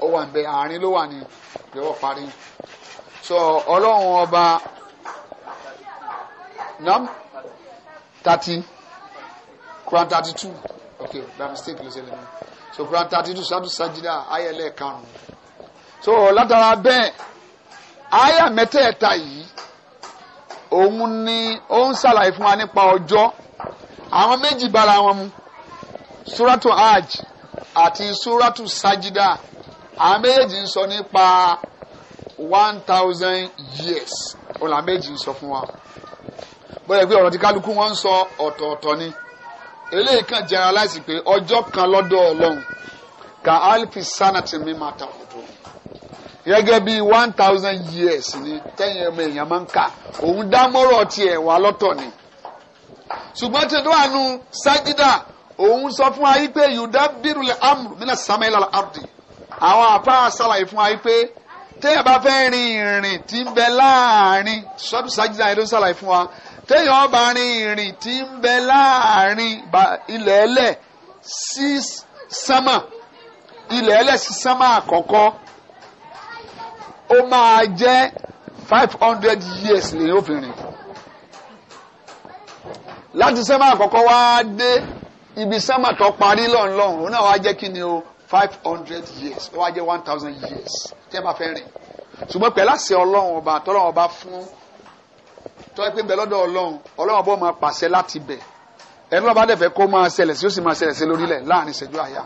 ó wà níbẹ̀ àárín ló wà ní ìjọba parí so ọlọ́run ọba nam thirty Quran thirty two okay by mistake ló ṣẹlẹ̀ mi so Quran thirty two sadu sajida ayé ẹlẹ́ẹ̀karùn-ún so látara bẹ́ẹ̀ ayé mẹ́tẹ̀ẹ̀ta yìí òun ni ó ń ṣàlàyé fún wa nípa ọjọ́ àwọn méjì bára wọn mu suratu hajj àti suratu sajida àwọn méjèèjì ń sọ nípa one thousand years òun làwọn méjì ń sọ fún wa bóyá pé ọ̀rọ̀ tí kálukú wọn ń sọ ọ̀tọ̀ọ̀tọ̀ ni eléyìí kan generalize pé ọjọ́ kan lọ́dọ̀ ọlọ́run ka alfi sanati mi máa ta ọ̀dọ̀ gẹ́gẹ́ bí one thousand years ni tẹ́yìn ọmọ èèyàn máa ń kà òun dá mọ́rọ̀ tiẹ̀ wá lọ́tọ̀ ni ṣùgbọ́n tí tó wà nù sájídà òun sọ fún wa yìí pé yòdá bírù lè amúrù mí náà sàmì ìlànà àrùdì àwọn àpá àṣàlàyé fún wa yìí pé téèyàn bá fẹ́ rin ìrìn tí ń bẹ láàrin sọ́ọ̀bù sájídà yẹn ló ń ṣàlàyé fún wa téèyàn bá rin ìrìn tí ń bẹ láàrin ilẹ̀ ẹlẹ̀ sí sánmà ilẹ̀ ẹlẹ̀ sí sánmà àkọ́kọ́ ó máa jẹ́ five hundred years lè yóò fi rìn láti sẹ́mà àkọ́kọ́ wá dé ibi sẹ́mà tó parí lọ́nlọ́run òun náà wá jẹ́ kí ni o five hundred years ó wá jẹ́ one thousand years tẹ́ bá fẹ́ rìn ṣùgbọ́n pẹ̀lú àṣẹ ọlọ́run ọba tọ́lọ́run ọba fún tọ́lá pé bẹ́ẹ̀ lọ́dọ̀ ọlọ́run ọlọ́run ọba máa pàṣẹ láti bẹ̀ ẹni lọ́ba dẹ̀ fẹ́ kó máa ṣẹlẹ̀ sí ó sì máa ṣẹlẹ̀ sí lórílẹ̀ láàrin ìṣẹ́jú àyà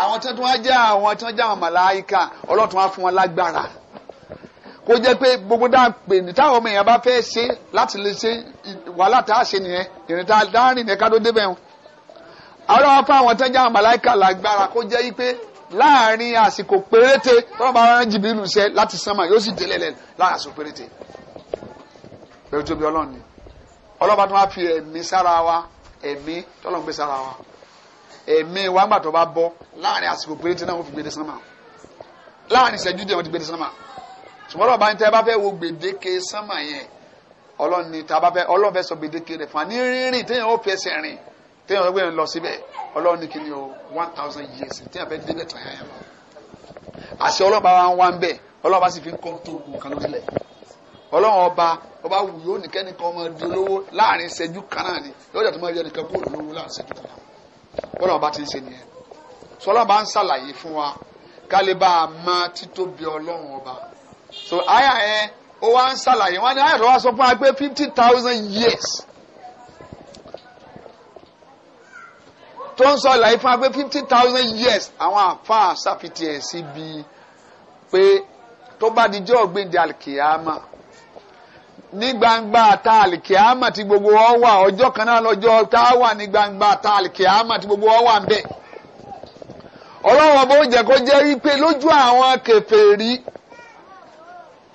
àwọn tó tún jẹ́ àwọn tó jẹ́ àwọn màláìka ọlọ́run wá fún wọn lágbára kó jẹ́ pé gbogbo dáa pè ní táwọn ọmọ èèyàn bá fẹ́ ṣe láti lè ṣe wàhálà tá a ṣe nìyẹn ìrìn tá a dá rìn ní ká tó débẹ̀ wọn. àwọn afọ àwọn tẹ́jà màláìkà lágbára kó jẹ́ pé láàrin àsìkò péréte tọ́wọ́n bá rán jìbìlù ṣẹ láti sánmà yóò sì délẹ̀ lẹ̀ láàrin àsìkò péréte. bẹ́ẹ̀ tóbi ọlọ́run ni ọlọ́ba tó máa fi ẹ̀mí sára wa ẹ̀mí tọ́lọ́ láàrin ìṣẹ́jú díẹ̀ wọ́n ti gbé dé sánmà ṣùgbọ́n ọba ní tẹ́ bá fẹ́ wo gbèdéke sánmà yẹn ọlọ́run ní tá bá fẹ́ ọlọ́run fẹ́ sọ gbèdéke rẹ̀ fún wa ní rírìn téèyàn ó fẹsẹ̀ rìn téèyàn ó gbé lọ síbẹ̀ ọlọ́run ní kíni o one thousand years téèyàn fẹ́ débẹ̀ tàn yẹn lọ. àṣẹ ọlọ́run bá wa ń wá ń bẹ̀ ọlọ́run bá sì fi ń kọ́ tó ogun kan lórílẹ̀ ọlọ́run ọba ọba wù yóò ní kẹ́nìkan ọmọ di olówó láàrin ìṣẹ́jú kan náà ni yóò so aya ẹ o wa n ṣàlàyé wọn ni aya tó wá sọ fún wa pé fifty thousand years tó ń sọ ìlàyé fún wa pé fifty thousand years àwọn àfáà ṣàfihàn ẹ̀ sí bi pé tó bá di jẹ́ ọ̀gbìndì alìkìyàmà ní gbangba ta alìkìyàmà tí gbogbo wọn wà ọjọ́ kan náà lọ́jọ́ tá a wà ní gbangba ta alìkìyàmà tí gbogbo wọn wà ń bẹ̀ ọlọ́wọ́n bó jẹ́ kó jẹ́ wípé lójú àwọn kẹfẹ́ rí.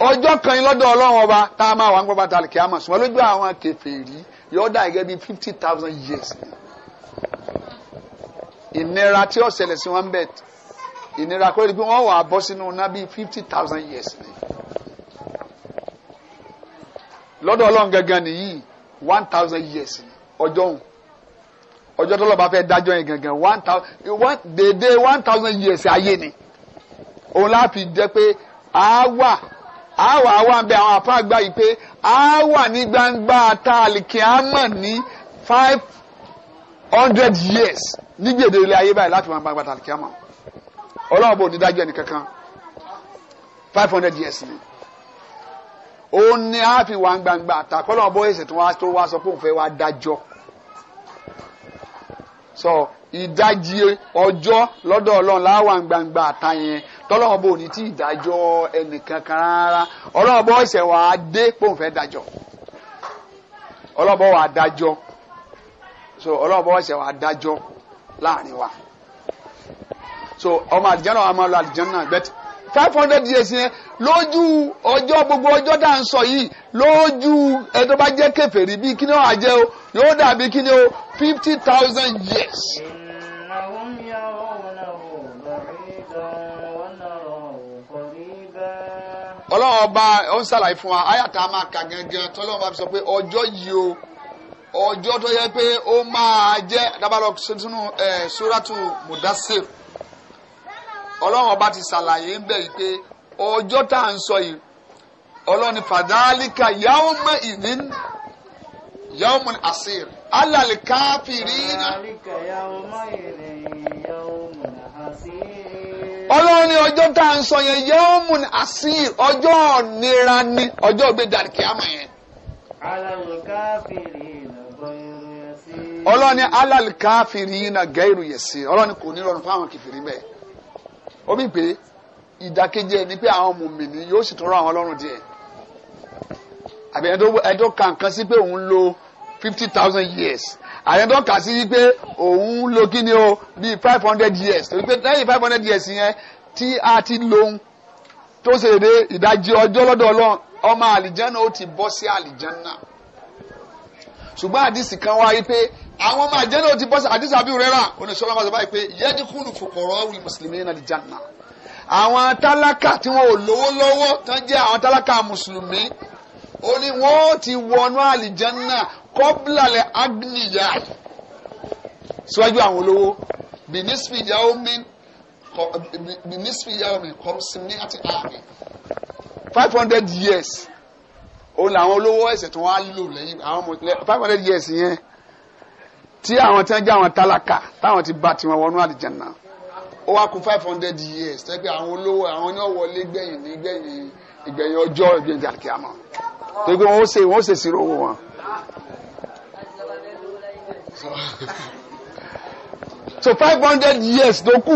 ọjọ́ kan yín lọ́dọ̀ ọlọ́run ọba tá a máa wà ń gbọ́ bàtà kìámà ṣùgbọ́n lójú àwọn kèfèrí yóò dà gẹ́gẹ́ bíi fifty thousand years ìnira tí ó ṣẹlẹ̀ sí wọn bẹ̀ ìnira kó rí i wọ́n wà á bọ́ sínú iná bíi fifty thousand years ni lọ́dọ̀ ọlọ́run gangan nìyí one thousand years ni ọjọ́ òun ọjọ́ tó lọ́ba fẹ́ dájọ́ yẹn gangan one thousand one dédé one thousand years ayé ni òun láàfin jẹ́ pé àá wà a wà wá ń bẹ àwọn àfa àgbà yìí pé a wà ní gbangba tààlìkì àmọ̀ ní five hundred years ní gbèdé ilé ayé báyìí láti wà ní gbangba tààlìkì àmọ̀ ọlọ́run bò ní dájọ́ ẹnì kankan five hundred years ni ó ní a fi wá gbangba àtàkọ́lọ́ bó ẹsẹ̀ tó wá tó wá sọ pé òun fẹ́ wá dájọ́ sọ ìdajì ọjọ́ lọ́dọ̀ ọlọ́run láwà gbangba àtà yẹn tọ́lọ́wọ́n bò ní tí ìdájọ́ ẹnìkan kan rárá ọlọ́wọ́n bò ṣẹ̀ wá dé pòun fẹ́ dájọ́ ọlọ́wọ́n bò wá dájọ́ so ọlọ́wọ́n bò ṣẹ̀ wá dájọ́ láàrin wa so ọmọ àdìjọ́ náà wà máa lọ náà bẹ́tẹ̀ five hundred years yẹn lójú ọjọ́ gbogbo ọjọ́ dà ń sọ yìí lójú ẹjọ́ bá jẹ́ kèfèrí bíi kí ni wọ́n á jẹ́ o yóò dàbí kí ni o fifty thousand years. ọlọ́run ọba ó ń ṣàlàyé fún wa ayàtà máa kà gẹ́gẹ́ tọ́lọ́run bá fi sọ pé ọjọ́ yìí o ọjọ́ tó yẹ pé ó máa jẹ́ dábàlọ́ sínú ẹ̀ sóràtù mùdásír ọlọ́run ọba ti ṣàlàyé ń bẹ̀ yìí pé ọjọ́ tá à ń sọ yìí ọlọ́run fàdálíkà yawma idhin yawmun asir alàlìkáfìrí náà. fàdálíkà yawma idhin ọlọ́run ní ọjọ́ tá à ń sọ yẹn yawmun asir ọjọ́ nira ni ọjọ́ gbẹdàrí kìámà yẹn. ọlọ́run ní alal kafirina gairu yasir ọlọ́run ní kò ní rọrùn fáwọn kìfìrí bẹ́ẹ̀ ó bí pé ìdákejì ẹni pé àwọn mùmìnì yóò sì tọrọ àwọn ọlọ́run díẹ̀ àbí ẹ̀dọ́ kankan sí pé òun lo fifty thousand years àyẹ̀dọ́ kà sí wípé òun lo kí ni o bíi five hundred years torí pé lẹ́yìn five hundred years yẹn tí a ti lòun tó ṣe èdè ìdajì ọjọ́ lọ́dọ̀ ọlọ́run ọmọ àlìjánná ó ti bọ́ sí àlìjánná ṣùgbọ́n àdìsí kan wá wípé àwọn ọmọ àlìjánná ó ti bọ́ sí àdìsí àbí rẹ́rà oníṣọ́lá máa sọ báyìí pé yẹ́dínkùnù kòkòrò ọ̀wì mùsùlùmí náà àlìjánná àwọn tálákà tí wọn ò lówó lọ́wọ́ tán jẹ́ àwọn tálákà mùsùlùmí ó ní wọ́n ti wọnú àlìjánná kọ́bílàlẹ̀ agniya síwájú àwọn olówó bìnísìfì ìyàwó mi bìnísìfì ìyàwó mi kọ́ sí mi àti ààrẹ five hundred years òun làwọn olówó ẹ̀sẹ̀ tó wá lò lẹ́yìn àwọn ọmọ five hundred years yẹn tí àwọn tí wọ́n jẹ́ àwọn tálákà táwọn ti bá tiwọn wọnú àlìjànnà ó wá kù five hundred years tẹ́ pé àwọn olówó àwọn ní ọ̀wọ́lé gbẹ̀yìn ní gbẹ̀yìn ìgbẹ̀yìn ọjọ́ ìgbẹ̀yìn àlìkíyàmọ́ tó wọn ó ṣe wọn ó ṣèṣirò owó wọn so five hundred years ló kù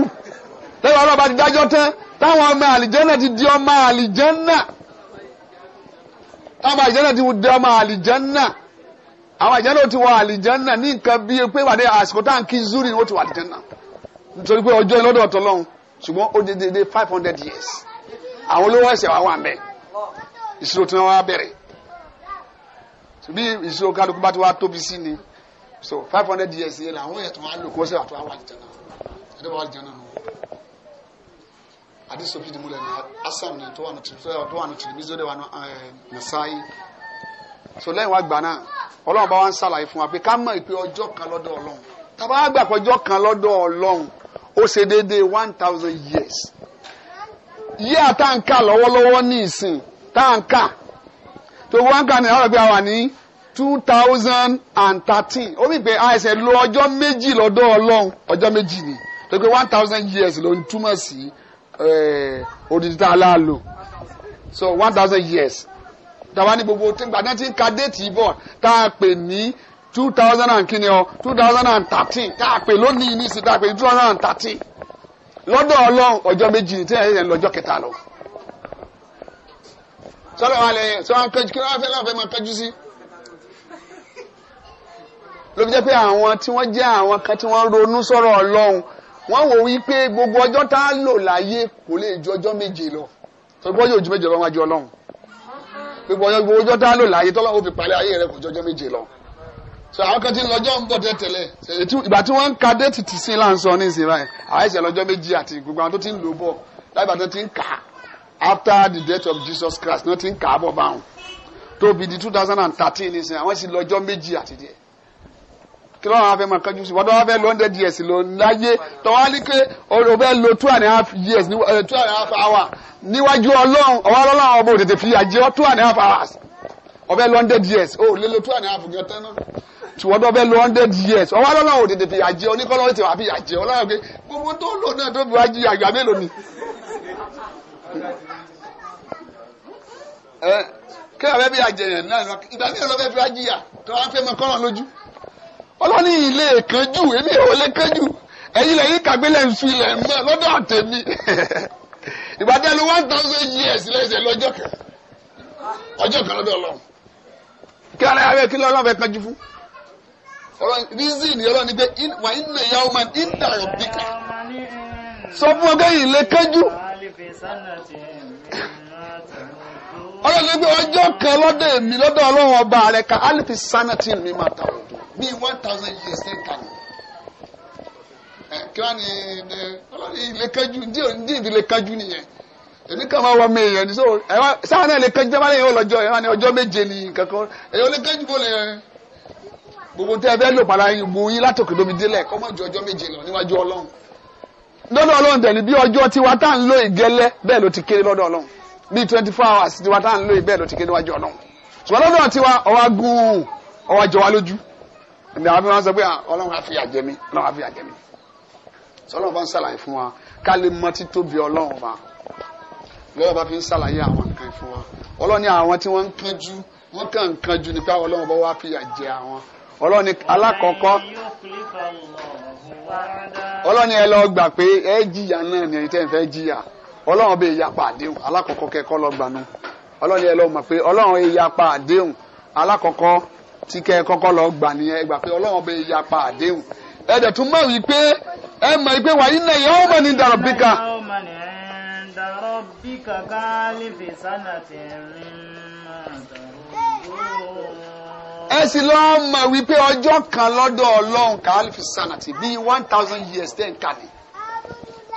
lẹ́yìn ọlọ́ba ti dájọ́ tán táwọn ọmọ àlìjẹ́nà ti di ọmọ àlìjẹ́nà táwọn ọmọ àlìjẹ́nà ti di ọmọ àlìjẹ́nà àwọn àlìjẹ́nà ti wọ àlìjẹ́nà ní nǹkan bíi pé wàdé àsìkò tá à ń kí zuri ni wọ́n ti wọ àlìjẹ́nà nítorí pé ọjọ́ ìlọ́dọ̀ ọ̀tọ̀ lọ́hùn ṣùgbọ́n ó dédé five hundred years àwọn olówó ẹ̀sẹ̀ wa wà ń bẹ̀ ìṣirò tí wọ́n wá bẹ̀rẹ̀ bí ìṣirò kálukú bá ti wá tóbi sí ni so five hundred years yẹn làwọn yẹn tó wá lò kó sì wà tó wà àlìjẹ náà ẹni wà àlìjẹ náà nù adi sọ fìdí múlẹ̀ náà asan ní tó wà ní tìrìbí tó wà ní tìrìbí zó dé wà ní eh, nasaayi so lẹ́yìn wá gbà náà ọlọ́run bá wá ń sàlàyé fún wa pé ká mọ̀ ìpè ọjọ́ kan lọ́dọ̀ ọlọ́run tàbá àgbà pẹ̀jọ́ kan lọ́dọ̀ ọlọ́run ó ṣe déédéé one thousand years yí àtàǹkà lọ́wọ́lọ́wọ́ ní ìsìn táǹkà tó wọ́n kà ní ọ̀rọ̀ bí a wà ní two thousand and thirteen ó wí pé àìsàn lo ọjọ́ méjì lọ́dọ̀ ọlọ́run ọjọ́ méjì ni tó pé one thousand years ló ń túmọ̀ sí eh, odidi tá a lá lò so one thousand years tàwa ní gbogbo gbàdá tí ń ka déètì bọ̀ tá a pè ní two thousand and kíni ọ two thousand and thirteen tá a pè lónìí ní sí tá a pè ní two thousand and thirteen lọ́dọ̀ ọlọ́run ọjọ́ méjì ní tí ẹ̀yẹ́ ń lọ́jọ́ kẹta lọ. sọ́dọ̀ wa lè sọ́dọ̀ kí wọ́n fẹ́ lọ́ọ́ máa kẹjú sí ló fi jẹ́ pé àwọn tí wọ́n jẹ́ àwọn kan tí wọ́n ronú sọ̀rọ̀ ọlọ́run wọ́n wò wípé gbogbo ọjọ́ tá a lò láyé kò lè ju ọjọ́ méje lọ torí pé ọjọ́ méje lọ́wọ́ wájú ọlọ́run gbogbo ọjọ́ gbogbo ọjọ́ tá a lò láyé tọ́lá ó fi palẹ̀ ayé rẹ̀ kò jọjọ́ méje lọ. sọ àwọn kan tí ń lọ́jọ́ ń bọ̀ tẹ́tẹ̀lẹ̀ ìgbà tí wọ́n ń ka déètì tì sí là ń sọ ní ìsìn báyìí àìsàn lọ́jọ́ méjì àti gbogbo àwọn tó ti ń lò bọ̀ láì bàtọ́ ti ń kà á after the death of Jesus Christ náà ti ń kà á bọ̀ báwọn tóbi di two thousand and thirteen ní ìsìn àwọn sì lọ́jọ́ méjì àti díẹ̀ kí lọ́wọ́ àwọn afẹ́ máa kánjú sí wọ́n tó wá fẹ́ lo hundred years lò láyé tó wá ní pé o fẹ́ lo two and a half years eh, two and a half hour níwájú ọlọ́run ọwọ́ ọlọ́run ọmọ òtètè fi àjẹ́ two and a half hours o fẹ́ lo hundred years o lè lo two and a half yẹn tán náà tiwọn tó fẹ́ lo hundred years ọwọ́ ọlọ́run ò tètè fi àjẹ́ oníkọ́lọ́ ti wà fi àjẹ́ ọlọ́run pé gbogbo tó lò náà tó fi wá jí àgbà mélòó ni eh, kí àwọn ẹbí àjẹyàn náà ìgbà mélòó ló fẹ́ fi wá jíyà tó wá fẹ́ mọ kọ́ràn lójú ọlọ́ni ilé kanjú èmi ò lè kanjú ẹ̀yin lẹ́yìn kàgbélé nsú ilẹ̀ mọ́ lọ́dọ̀ àtẹ̀mí ìbàdàn ló one thousand years lẹ́sẹ̀ lọ́jọ́ kan ọjọ́ kan lọ́dọ̀ ọlọ́run kí ara yàrá kí lọ́lọ́run fẹ́ kanjú fún reason ọlọ́ni pé wà nínú man in níta ọ̀bíkà sọ fún ọgẹ́yìn lè kanjú ọlọ́run sọ pé ọjọ́ kan lọ́dọ̀ èmi lọ́dọ̀ ọlọ́run ọba rẹ̀ ka alifi sanati mi máa ta ọdún bíi one thousand years ten kan kí wọ́n ní ọlọ́run ilé kanjú ndí ndí ìdílé kanjú nìyẹn èmi kàn máa wọ mi èèyàn ní so sáà náà ilé kanjú jẹ́ báyìí ọlọ́jọ́ ẹ̀ wọ́n ní ọjọ́ méje ní kankan èèyàn ilé kanjú bó lè gbogbo tẹ́ ẹ bẹ́ẹ̀ lò para yín bu yín látòkè lómi délẹ̀ kọ́ mọ́ ju ọjọ́ méje lọ níwájú ọlọ́run bíi twenty four hours tiwa tá à ń lò yìí bẹ́ẹ̀ ló ti kéde wájú ọlọ́run ṣùgbọ́n lọ́dọ̀ tiwa ọwọ́ agùn ọwọ́ àjọ wa lójú ẹ̀dá wa fi máa sọ pé ọlọ́run á fi àjẹ mi ọlọ́run á fi àjẹ mi sọlọ́run bá ń ṣàlàyé fún wa ká lè mọ títóbi ọlọ́run bá lọ́wọ́ bá fi ń ṣàlàyé àwọn nǹkan fún wa ọlọ́run ní àwọn tí wọ́n ń kánjú wọ́n kàn ń kánjú nípa ọlọ́run bá wá fìyà jẹ àwọn ọlọ́run alákọ̀ọ́kọ́ ọlọ́run ẹ lọ gbà pé ẹ jìyà náà ni ẹni tẹ́ ń fẹ́ jìyà ọlọ́run bẹ yapa àdéhùn alákọ̀ọ́kọ́ kẹ́kọ́ lọ́gbanú ọlọ́run yẹn lọ́wọ́ mọ̀ pé ọlọ́run yẹ yapa àdéhùn alákọ̀ọ́kọ́ tí kẹ́kọ́kọ́ lọ gbà nìyẹn ẹgbà pé ọlọ́run bẹ yapa àdéhùn ẹ̀dẹ̀ tún mọ̀ wí pé ẹ mọ̀ pé wàyí náà yẹ ọmọ ní dàrọ̀ bíkà. ẹ sì lọ mọ̀ wípé ọjọ́ kan lọ́dọ̀ ọlọ́run kàálífì sànàtì bíi one thousand years ten kàní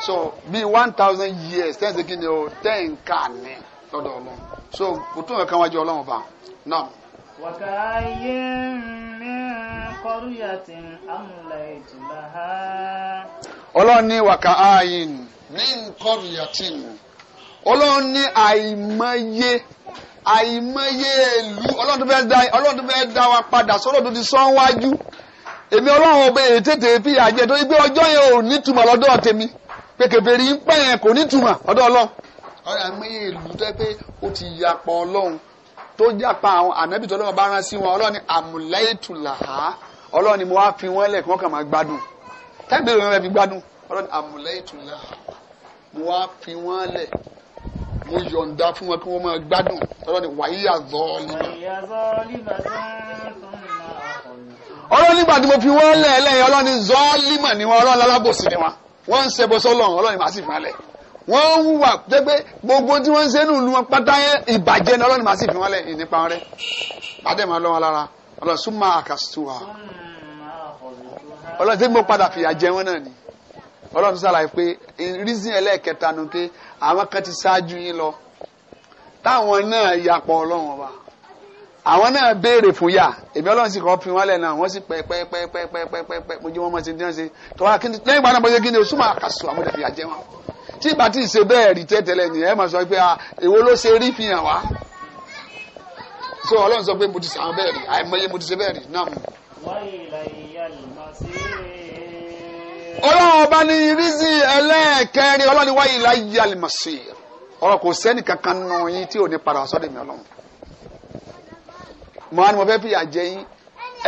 so bíi one thousand years ten ṣe ni o ten ká ní lọ́dọ̀ ọlọ́run so kò tó nǹkan wájú ọlọ́run fa náà. wàkàáyé mi kọ́rùyà tí amúlẹ̀ ìtura ha. ọlọ́run ní wàkàáyé mi kọ́rùyà tí ọlọ́run ní àìmọye àìmọye ìlú ọlọ́run tó fẹ́ dá wa padà sọ́dọ̀ tó ti sán wájú èmi ọlọ́run ọbẹ̀ ètètè fìyà jẹ torí pé ọjọ́ yẹn ò ní túmọ̀ lọ́dọ̀ tèmi pé kèfèrí ń pẹ́ yẹn kò ní túmọ̀ ọ̀dọ̀ ọlọ́run ọ̀rẹ́ àmì ìlú tẹ́ pé ó ti yapa ọlọ́run tó yapa àwọn ànábì tó lọ́wọ́ bá rán sí wọn ọlọ́run ni àmúlẹ́yìtùlàhá ọlọ́run ni mo wá fi wọ́n lẹ̀ kí wọ́n kàn máa gbádùn tẹ́gbẹ́ ìròyìn rẹ̀ fi gbádùn ọlọ́run ni àmúlẹ́yìtùlàhá mo wá fi wọ́n lẹ̀ mo yọ̀ǹda fún wọn kí wọ́n máa gbádùn ọlọ́run ni wàyíyà zọ́ọ̀lì ọlọ́run nígbà fi wọ́n lẹ̀ lẹ́yìn ọlọ́run ni zọ́ọ̀lì mà ni wọn ọlọ́run alábòsí ni wọn wọ́n ń ṣẹbọ sọ́lọ́run ọlọ́run máa sì fún alẹ̀ wọ́n ń hùwà jẹ́ pé gbogbo tí wọ́n ń ṣe nínú wọn pátá yẹn ìbàjẹ́ ni ọlọ́run máa sì fún alẹ̀ nípa wọn rẹ̀ bàdé máa lọ́wọ́ lára ọlọ́run sún máa kàṣù wa ọlọ́run tí mo padà fìyà jẹ wọn náà ni ọlọ́run ṣàlàyé pé rízìn ẹlẹ́ẹ̀kẹta nu pé àwọn kan ti ṣáájú yín lọ táwọn náà yapọ̀ ọlọ́run ọba àwọn náà béèrè fún yà èmi ọlọ́run sì kọ́ fi wọ́n lẹ̀ náà wọ́n sì pẹ́ pẹ́ pẹ́ pẹ́ pẹ́ pẹ́ ṣe kíni o súnmọ́ àkàsù àwọn ìdàfẹ́ àjẹ́ ìgbà náà mu. ọlọ́run ní rízì ẹlẹ́ẹ̀kẹrin ọlọ́run wáyé láyé àlùmọ̀sí ọ̀rọ̀ kò sẹ́nì kankan nù yín tí ò ní padà sọ́dọ̀ mi ọlọ́run mo wá ní mo fẹ́ fìyà jẹ yín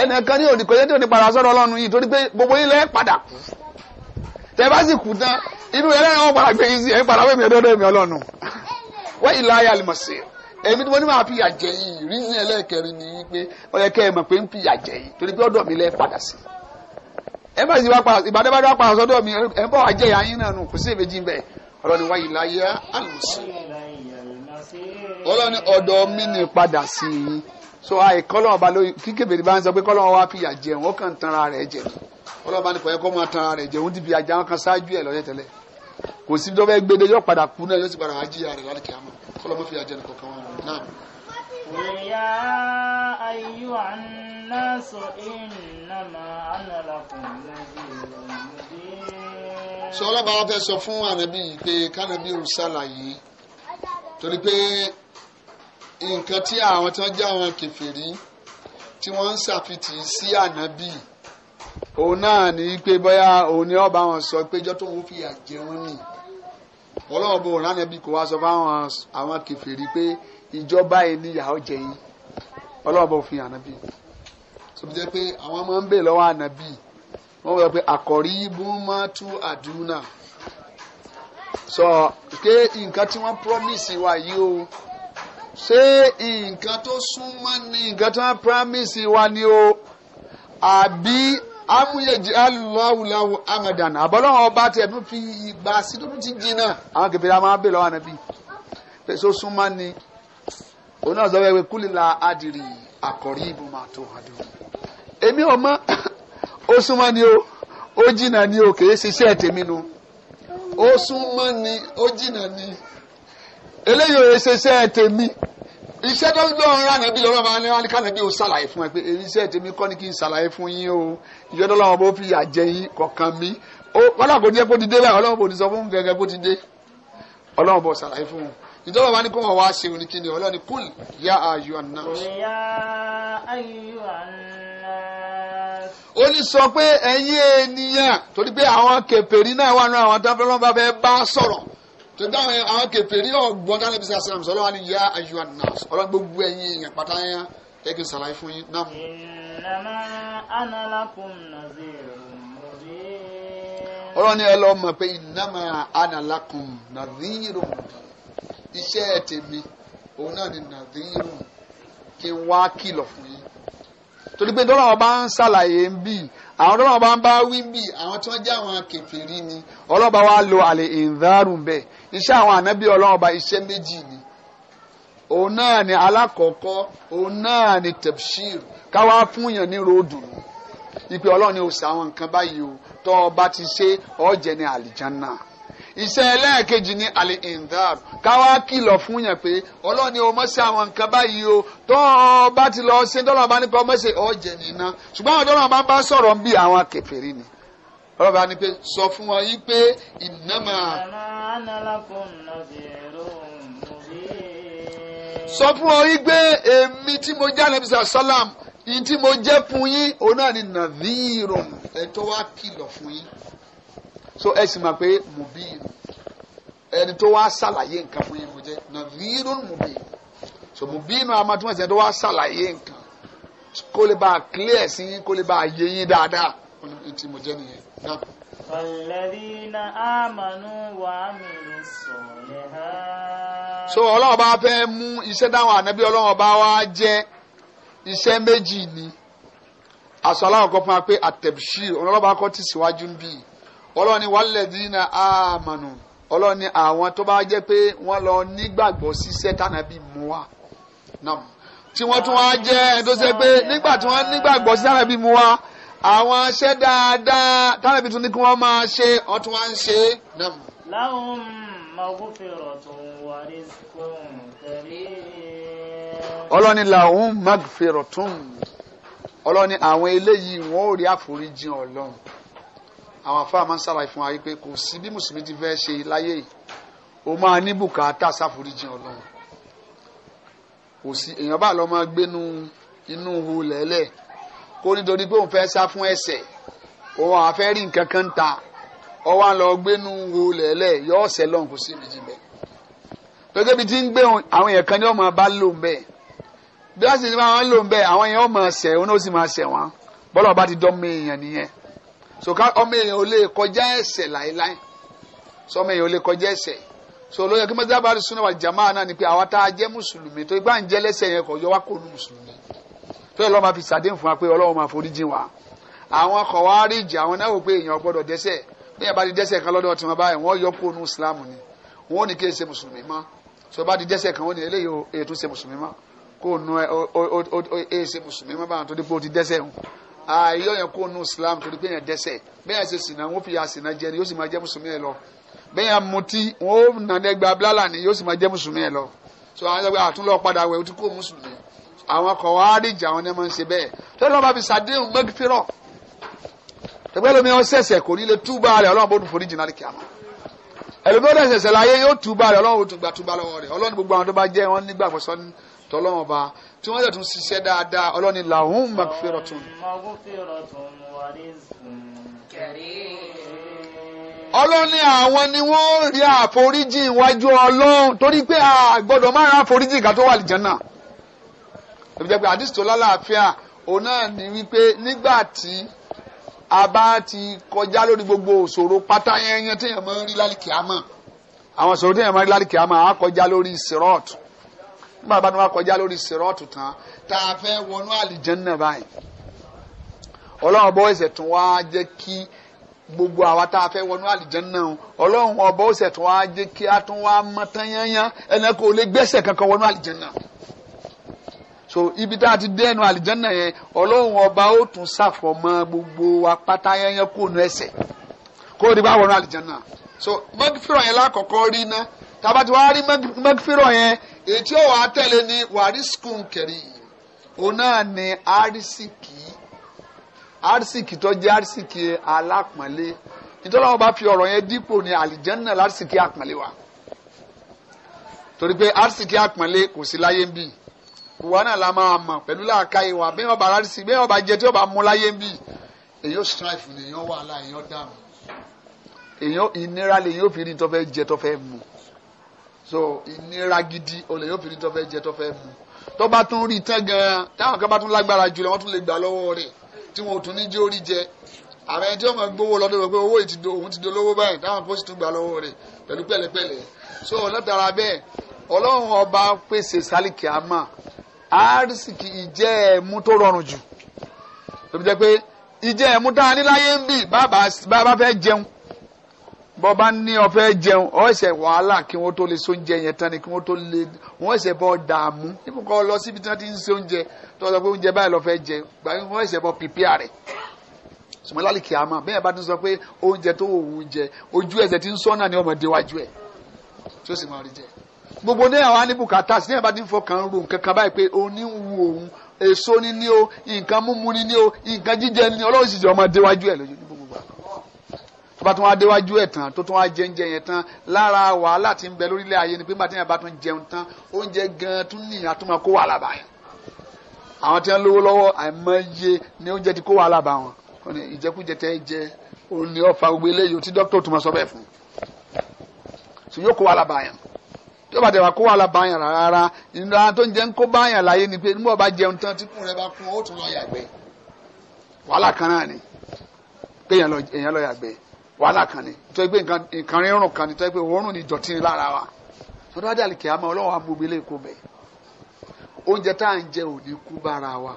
ẹnìkan ní òdìkọ yẹn tí òní padà ọlọ́run yìí torí pé gbogbo yín lẹ́ padà kú tẹ bá sì kú tán padà gbé yín sí padà ẹ̀dọ́dọ́ ẹ̀mí ìlà ayé èmi tí mo ní máa fìyà jẹ yín ẹlẹ́ẹ̀kẹrin ni pé ó mọ̀ pé ń fìyà jẹ yín torí pé ọ̀dọ̀ mi lẹ́ padà sí bá sì wá padà so àì kọ́lọ́wọ́ ba lórí tí kébèrè bá ń sọ pé kọ́lọ́wọ́ wá fìyà jẹun ó kàn tanra rẹ̀ jẹ kọ́lọ́wọ́ bá ní kọ́yẹ́ kọ́ máa tanra rẹ̀ jẹun ti fi àjà wọn kan ṣáájú ẹ̀ lọ́yẹ́ tẹ́lẹ̀ kò sí tó fẹ́ gbéde yóò padà kú náà yóò sì padà wá jíya rẹ̀ lálẹ́ kìámọ́ kọ́lọ́wọ́ fìyà jẹ nìkan kan wọn náà. Yà ayú àná sọ ìnàmà àná làkùn lẹ́yìn. Sọ ọlọ́ba wa fẹ́ sọ fún ànábì pé kánábì ò nǹkan tí àwọn tí wọ́n jẹ́ àwọn kèfèrí tí wọ́n ń ṣàfitì sí ànábì òun náà ní pé bóyá òun ni ọba wọn sọ pé jọ́tò òun fìyà jẹ wọn nì ọlọ́run bò rán ànábì kó wá sọ fáwọn àwọn kèfèrí pé ìjọba yìí níyàwó jẹ yín ọlọ́run bò fi ànábì sọbi jẹ́ pé àwọn máa ń bè lọ́wọ́ ànábì wọ́n wọ́n pé àkọ́rí bùnmọ́tú àdúnà sọ pé nǹkan tí wọ́n promise wa yìí o. So, ṣé nǹkan tó súnmọ́ ni nǹkan tó ń promise wa ni o àbí amúyẹ̀jẹ̀ alùláwùláwù amadan àbọ̀lọ́wọ́ ọba tẹ̀ tó fi ìgbà sí tó tún ti jìnnà àwọn kẹfẹ́ àwọn abẹ́ lọ́wọ́ ànábì pèsè súnmọ́ ni òun náà sọ fẹ́ kúlìlà adìrì àkọ́rí ìbò máa tó àdó èmi ò ó súnmọ́ ni o ó jìnnà ni o kì í ṣiṣẹ́ tèmi nu ó súnmọ́ ó ni. eléyìí ò ṣe iṣẹ́ tèmi iṣẹ́ tó ń lọ́run rà níbi lọ́wọ́ máa ń wá ní kánàbí ò ṣàlàyé fún ẹ pé iṣẹ́ tèmi kọ́ ni kí n ṣàlàyé fún yín o ìjọ tó lọ́wọ́ bó fi yà jẹ yín kọ̀ọ̀kan mi ó wọ́n àgọ́ ní ẹ kó ti dé báyìí ọlọ́wọ́ bò ní sọ fún gẹ́gẹ́ kó ti dé ọlọ́wọ́ bò ṣàlàyé fún un ìjọba wa ni kó wọn wá ṣe òní kí ni ọlọ́ni kúl yá ayọ̀ àná. ó ní sọ pé ẹ̀yin ènìyàn torí pé àwọn kèfèrí náà wà nínú àwọn tábìlì wọn bá fẹ́ bá sọ̀rọ̀ tẹ̀gbá àwọn kẹfẹ́rí ọ̀gbọ́n dáná bí sàṣẹ àmì sọlọ́wọ́ ni yá ayé wa nà ọlọ́ gbogbo ẹ̀yìn èèyàn pátá yẹn ẹ kì í sàlàyé fún yín náà. ìnáma analakum nazirun mubin. ni ẹ lọ mọ̀ pé ìnáma analakum nazirun iṣẹ́ tèmi òun náà ni nazirun kí n wá kìlọ̀ fún yín. torí pé dọ́là wọn bá ń sàlàyé ń bì àwọn tó wọn bá ń bá wí bì àwọn tí wọn jẹ àwọn kẹfìrí ni ọlọ́ba wa lo àlè ìdárùn bẹ́ẹ̀ iṣẹ́ àwọn ànábì ọlọ́run iṣẹ́ méjì ni òun náà ni alákọ̀ọ́kọ́ òun náà ni tẹ̀síìr káwá fún yàn ní ròdù ìpè ọlọ́run ni ó ṣe àwọn nǹkan báyìí o tọ́ ọba ti ṣe ọ̀jẹ̀ ní àlìjánná iṣẹ́ ẹlẹ́ẹ̀kejì ni àlè indar káwá kìlọ̀ fún yàn pé ọlọ́run ni ó mọ̀ ṣe àwọn nǹkan báyìí o tọ́ ọba ti lọ ṣe tọ́lọ́ba nípa ọmọ ṣe ọ̀jẹ̀ nìyẹn ṣùgbọ́n àwọn tọ́lọ́ba bá sọ̀rọ̀ ń bí àwọn kèfèrí ni ọlọ́ba ni pé sọ fún wọn yí pé ìnáma. sọ fún wọn yí pé èmi tí mo jẹ́ àlẹ́ bisá sálàm yìí tí mo jẹ́ fún yín òun náà ni nàvírò ẹ̀tọ́ wá kìlọ̀ fún yín so ẹ sì mọ̀ pé mùbíìrù ẹni tó wá ṣàlàyé nǹkan fún yín mo jẹ́ nàvírò mùbíìrù so mùbíìrù àmọ́túmọ̀ sí ẹni tó wá ṣàlàyé nǹkan kó lè bá a clear sí yín kó lè bá a yé yín dáadáa tí mo jẹ́ nìyẹn náà. alladhina amanu wa amilu solihat. so ọlọ́run bá fẹ́ mú iṣẹ́ dáhùn ànábí ọlọ́run bá wá jẹ́ iṣẹ́ méjì ni aṣọ aláwọ̀ kan fún wa pé àtẹ̀bùsí ọlọ́run bá kọ́ ti síwájú ń bì ọlọ́run ni walladhina amanu ọlọ́run ni àwọn tó bá jẹ́ pé wọ́n lọ nígbàgbọ́ síṣẹ́ tànàbí mú wa náà tí wọ́n tún wá jẹ́ ẹni tó ṣe pé nígbà tí wọ́n nígbàgbọ́ sí tànàbí mú wa àwọn aṣẹ́ dáadáa tánàbí tún ní kí wọ́n máa ṣe wọ́n tún wá ń ṣe é náà. lahum maghfiratun wa rizqun karim. ọlọ́ni lahum maghfiratun ọlọ́ni àwọn eléyìí wọ́n ò rí àforíjì ọlọ́run àwọn afáà máa ń ṣàlàyé fún wa pé kò sí bí mùsùlùmí ti fẹ́ ṣe láyé yìí o máa ní bùkátà sáforíjì ọlọ́run kò sí èèyàn bá lọ́ máa gbénu inú hu lẹ́lẹ́ẹ̀ kó nítorí pé òun fẹ́ sá fún ẹsẹ̀ òun àwọn afẹ́ rí nǹkan kan ta ọwọ́ àlọ́ gbénu wo lẹ́lẹ̀ yọ ọ̀sẹ̀ lọ́n kò sí méjì bẹ́ẹ̀ gẹ́gẹ́ bí ti ń gbé àwọn èèyàn kan ní ọmọ bá lò ń bẹ́ẹ̀ bí wọ́n sì ti máa ń lò ń bẹ́ẹ̀ àwọn èèyàn ọmọ ṣẹ̀ òun ó sì máa ṣẹ̀ wọ́n bọ́lá ọba ti dọ́mọ èèyàn nìyẹn so ká ọmọ èèyàn ò lè kọjá ẹsẹ̀ láéláé sọmọ èèyàn ò lè kọjá ẹsẹ̀ so lóye kí mọ́tí dábàá sunu wa jama náà ni pé àwa tá a jẹ́ mùsùlùmí tó igbá ń tó yẹ lọ́ọ́ máa fi sàdéhùn fún wa pé ọlọ́run máa forí jìn wa àwọn kọ̀wárìjì àwọn náà wò pé èèyàn gbọ́dọ̀ dẹ́sẹ̀ bí èèyàn bá di dẹ́sẹ̀ kan lọ́dọ̀ tí wọ́n báyìí wọ́n yọ kóònù islam ni wọ́n ní kí ẹ ṣe mùsùlùmí mọ́ tó bá di dẹ́sẹ̀ kan wọ́n ní eléyìí èyí tún ṣe mùsùlùmí mọ́ kóònù ẹ ṣe mùsùlùmí mọ́ báwọn tó di pé o ti dẹ́sẹ̀ hùn ààyò yẹn kóònù islam tó di pé èèyàn dẹ́sẹ̀ bí èèyàn ṣe sìnà wọ́n fi àsìnà jẹ ni yóò sì máa jẹ́ mùsùlùmí ẹ lọ bí ni yóò sì máa jẹ́ so àwọn àtúnlọ́ padà wẹ̀ ó ti àwọn kọ̀wárìjà àwọn ẹni máa ń ṣe bẹ́ẹ̀ tó lọ́ bá fi sàdéhùn mẹ́gífìrọ̀ tẹ́gbẹ́ lómi wọn ṣẹ̀ṣẹ̀ kò ní lè túbà rẹ̀ ọlọ́run bó dùn foríjì náà kí a mọ̀ ẹ̀lómi ó dẹ̀ṣẹ̀ṣẹ̀ láyé yóò túbà rẹ̀ ọlọ́run ó tún gbà túbà lọ́wọ́ rẹ̀ ọlọ́run gbogbo àwọn tó bá jẹ́ wọn nígbà fọ́sọ́ tọ́lọ́run ọba tí wọ́n yẹ tún ṣiṣẹ́ dáadáa ọlọ́run làwọn magfiratun. ọlọ́run ní àwọn ni wọ́n rí àforíjì iwájú ọlọ́run torí pé a máa ra àforíjì ká tó wà lìjánà ẹbí jẹ́ pé àdìsí tó lálàáfíà òun náà ní wípé nígbà tí a bá ti kọjá lórí gbogbo òṣòro pátá yẹn téèyàn máa ń rí lálìkì àmọ́ àwọn òṣòro téèyàn máa ń rí lálìkì àmọ́ àá kọjá lórí sirot nígbà bá ní wọ́n kọjá lórí sirot tán tá a fẹ́ wọnú àlìjẹ́nnà báyìí ọlọ́run bọ́ ẹsẹ̀ tún wá jẹ́ kí gbogbo àwa tá a fẹ́ wọnú àlìjẹ́nnà ọlọ́run ọbọ̀ ẹsẹ̀ tún wá jẹ́ kí a tún wá mọ́ tán ẹnìkan kò lè gbẹ́sẹ̀ kankan wọnú àlìjẹ́nnà so ibi tá a ti dé ẹnu àlìjánná yẹn ọlọ́run ọba ó tún ṣàfọ̀mọ́ gbogbo apáta yẹn kó nu ẹsẹ̀ kó o di bá wọnú àlìjánná so mọ́gífìrọ̀ yẹn lákọ̀ọ́kọ́ rí ná tàbá ti wá rí mọ́gífìrọ̀ yẹn ètí ọ̀wọ́ àtẹ̀lé ni wàrísíkùn kẹrì òun náà ni àrísìkì àrísìkì tó jẹ́ àrísìkì alápọ̀nlé nítorí àwọn bá fi ọ̀rọ̀ yẹn dípò ní àlìjánná lárísìkì àpọ̀nlé wa torí pé àrísìkì àpọ̀nlé kò sí láyé ń bíi wa la máa mọ̀ pẹ̀lú làákàyè wa bí wọ́n bá rárí sí bí wọ́n bá jẹ tí wọ́n bá mú láyé ń bì èyàn strife ni èyàn wàhálà èyàn dààmú èyàn ìnira lè yóò fi rí tó jẹ tó mu so ìnira gidi olè yóò fi rí tó fẹ́ jẹ tó fẹ́ mu tó bá tún rí tán gan táwọn kan bá tún lágbára jùlọ wọ́n tún lè gbà lọ́wọ́ rẹ̀ tí wọn ò tún ní jẹ́ orí jẹ àwọn ẹni tí wọ́n máa gbowó lọ́dọ̀ rẹ̀ pé owó yìí ti do òun ti do lówó báyìí táwọn kò sì tún gbà lọ́wọ́ rẹ̀ pẹ̀lú pẹ̀lẹ́pẹ̀lẹ́ so látara bẹ́ẹ̀ ọlọ́run ọba pèsè sálíkì àmà àrísìkì ìjẹ́ ẹ̀mú tó rọrùn jù tó fi jẹ́ pé ìjẹ́ ẹ̀mú tá a ní láyé ń bì bàbá fẹ́ jẹun bọ́ bá ní ó jẹun ó ṣe wàhálà kí wọ́n tó lè sóúnjẹ yẹn tán ni kí wọ́n tó lè wọ́n ṣe bọ́ dààmú níbo kọ́ lọ síbi tí wọ́n ti ń ṣe oúnjẹ tó sọ pé oúnjẹ báyìí lọ fẹ́ jẹ gbà wọ́n ṣe bọ́ pìpìà rẹ̀ sùmọ́ lálẹ́ kìá mọ́ bẹ́ẹ̀ bá ti sọ pé oúnjẹ tó wò wò oúnjẹ ojú ẹsẹ̀ ti ń sọ́nà ni ọmọdé wájú ẹ̀ tí ó sì máa rí jẹ́ gbogbo ní àwọn anibukata sí ní ìbá ti ń fọkàn ro nǹkan kan báyìí pé òní òun èso ni ní o nǹkan múmu ni ní o nǹkan jíjẹ ni ọlọ́run sì jẹ́ ọmọ déwájú ẹ̀ lójú ní gbogbo àná tó bá tún wá déwájú ẹ̀ tán tó tún wá jẹ́ńjẹ́ yẹn tán lára wàhálà tí ń bẹ lórílẹ̀ ayé ni pé bàtí yẹn bá tún jẹun tán oúnjẹ gan tún ní àtúmọ̀ kó wàhálà báyìí àwọn tí wọ́n lówó lọ́wọ́ àìmọye ni oúnjẹ ti kó wàhálà bá wọn ìjẹkújẹ tẹ́ jẹ òun ọ̀fà gbogbo tí ó bá tẹ̀wá kó wàhálà báyàn rárá ìnira tó ń jẹ́ ń kó báyàn láyé ni pé nígbà bá jẹun tán tí kùn rẹ bá kún ó tún lọ yàgbẹ́ wàhálà kan náà ni pé èèyàn lọ yàgbẹ́ wàhálà kan ni tó yẹ pé nǹkan rírùn kan ni tó yẹ pé òórùn ni ìdọ̀tí ni lára wa tó dáwọ́ dàlí kìámà ọlọ́wọ́ amúgbélé kó bẹ̀ oúnjẹ tá à ń jẹ òní kú bára wa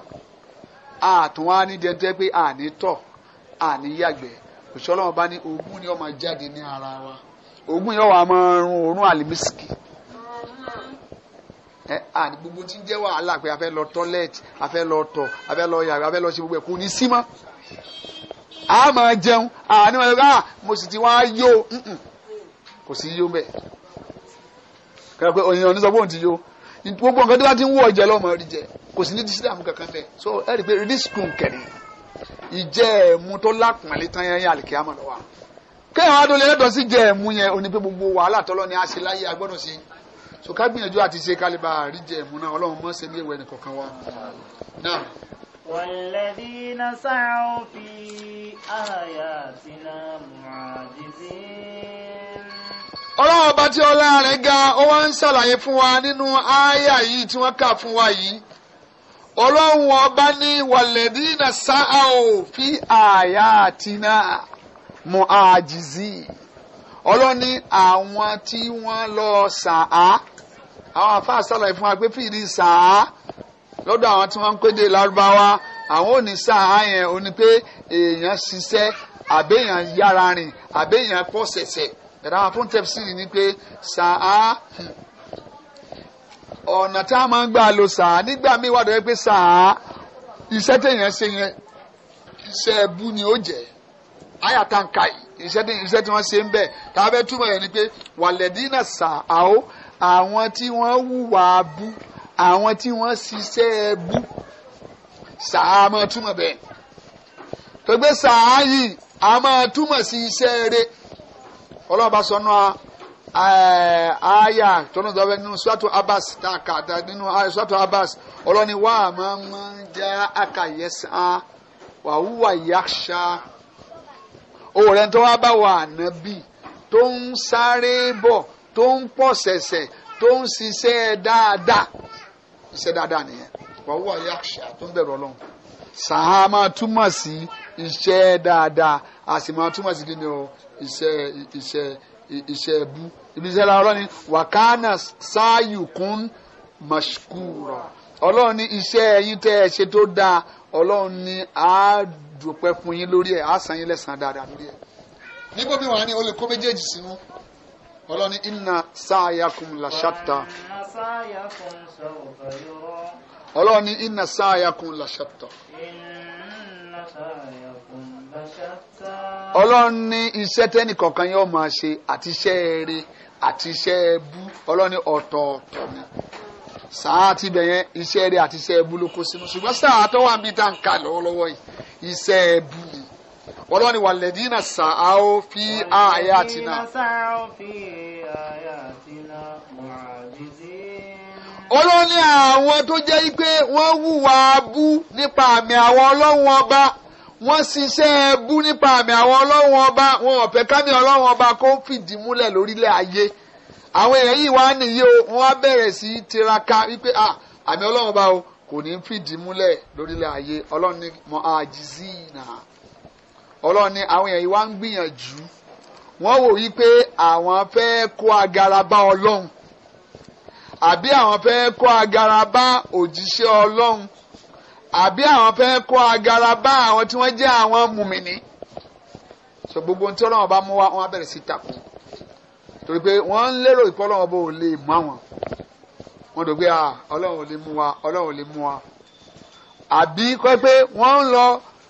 àtún wa ní dẹ́ntẹ́ pé àní tọ̀ àní yàgbẹ́ òṣèlú ọba ní ogún ni ó máa jáde ní ara wa ogún yóò wá máa rún òórùn àlìmísìkì ẹ àní gbogbo tí ń jẹ́ wàhálà pé a fẹ́ lọ tọ́lẹ̀tì a fẹ́ lọ tọ̀ a fẹ́ lọ yàrá a fẹ́ lọ ṣe gbogbo ẹ̀ kò ní sí mọ́ a máa jẹun àní wọn ká mo sì ti wá yó kò sí yó bẹ́ẹ̀ kẹ́rẹ́ pé òyìnbó sọ pé òun ti yó gbogbo nǹkan tó bá ti ń wọ ìjẹ lọ́mọ rí jẹ kò sí ní dísídàmù kankan bẹ́ẹ̀ so ẹ rí i pé rísíkùn kẹrin ìjẹ ẹ̀mú tó lápọ̀nlé tán yẹn yẹn àlìkíyàmọ̀ lọ́wọ́ kéèyàn adó lè lẹ́tọ̀ọ́ sí jẹ ẹ̀mú yẹn òní pé gbogbo wàhálà tọ́lọ́ ni a ṣe láyé agbọ́dọ̀ sí so ká gbìyànjú àti ṣe kálíbà àríjẹ ìmúná ọlọ́run mọ́ ṣe ní ìwé ẹnì kọ̀ọ̀kan wa náà. والذين سعوا في آياتنا معاجزين ọlọ́run ọba tí ọlá rẹ̀ ga ó wá ń ṣàlàyé fún wa nínú àyà yìí tí wọ́n kà fún wa yìí ọlọ́run ọba ní wàlẹ́dínà sáà ò fi àyà àtinà mọ àjìzì ọlọ́run àwọn tí wọ́n lọ sàá àwọn àfa àṣàlàyé fún wa pé fìdí sàá lọ́dọ̀ àwọn tí wọ́n ń pédè lárúbáwá àwọn ò ní sàá yẹn ò ní pé èèyàn ṣiṣẹ́ àbẹ̀yàn yára rìn àbẹ̀yàn pọ̀ ṣẹ̀ṣẹ̀ ẹ̀rọ àwọn fún tẹ̀síìrì ni pé sàá ọ̀nà tá a máa ń gbà lo sàá nígbà míì wà dọ̀ pé sàá iṣẹ́ tẹ̀yàn ṣe yẹn iṣẹ́ ẹbú ni ó jẹ́ ayàtànkà iṣẹ́ tí wọ́n ṣe ń bẹ̀ tá túmọ̀ yẹn ni pé wàlẹ́dínà sàá àó àwọn tí wọ́n hùwà bú àwọn tí wọ́n ṣiṣẹ́ bú sàá máa túmọ̀ bẹ́ẹ̀ tó gbé sàá yìí a máa túmọ̀ sí iṣẹ́ rẹ̀ ọlọ́ọ̀bá sọnù eh, àyà tọ́nùdọ́fẹ́ nínú sọ́tò abas tààkà nínú sọ́tò abas ọlọ́ni wà á máa ń já àkàyẹ́sà wà wúwà yáṣà òwò rẹ̀ tó wá bá wà ànábì tó ń sáré bọ̀ tó ń pọ̀ ṣẹ̀ṣẹ̀ tó ń ṣiṣẹ́ dáadáa iṣẹ́ dáadáa nìyẹn wàhùwà yaksha tó ń bẹ̀rù ọlọ́run sàá máa túmọ̀ sí iṣẹ́ dáadáa a sì máa túmọ̀ sí kíni o iṣẹ́ iṣẹ́ iṣẹ́ ẹbú ibi iṣẹ́ la ọlọ́ni wàkánà sáyùkún mashkura ọlọ́run ní iṣẹ́ ẹyin tẹ́ ẹ ṣe tó dáa ọlọ́run ní á dúpẹ́ fún yín lórí ẹ̀ á san yín lẹ́sàn-án dáadáa lórí ẹ̀. níbo bí wàá ní o lè kó méjèèjì sínú ọlọ́ni inna sáyàkùn làṣàtà ọlọ́ni inna sáyàkùn làṣàtà ọlọ́ni iṣẹ́ tẹ́nì kọ̀ọ̀kan yóò máa ṣe àti iṣẹ́ eré àti iṣẹ́ ẹbú ọlọ́ni ọ̀tọ̀ọ̀tọ̀ ni sáà ti bẹ̀ yẹn iṣẹ́ eré àti iṣẹ́ ẹbú ló kó sínú ṣùgbọ́n sáà tó wà mí tá n kà lọ́wọ́lọ́wọ́ yìí iṣẹ́ ẹbú ni ọlọ́ni wà lẹ́dínà sàáwó fi àyà àtìná. ọlọ́ni àwọn tó jẹ́ pé wọ́n hùwà bú nípa àmì àwọn ọlọ́run ọba wọ́n ṣiṣẹ́ bú nípa àmì àwọn ọlọ́run ọba wọn ò fẹ́ kámi ọlọ́run ọba kó fìdí múlẹ̀ lórílẹ̀ ayé àwọn èèyàn yìí wá nìyí o wọ́n á bẹ̀rẹ̀ sí í tiraka wípé àmì ọlọ́run ọba o kò ní fìdí múlẹ̀ lórílẹ̀ ayé ọlọ́run ní mọ àjìzí náà ọlọ́run ni àwọn èèyàn yìí wá ń gbìyànjú wọ́n wò yí pé àwọn fẹ́ kó agara bá ọlọ́run àbí àwọn fẹ́ kó agara bá òjíṣẹ́ ọlọ́run àbí àwọn fẹ́ kó agara bá àwọn tí wọ́n jẹ́ àwọn mùmìnì so gbogbo ohun tí ọlọ́run bá mú wá wọ́n á bẹ̀rẹ̀ sí takò torí pé wọ́n ń lérò ìpọ́ bó lè mú àwọn wọ́n dò ọlọ́run ò lè mú wa ọlọ́run ò lè mú wa àbí kọ́ pé wọ́n ń lọ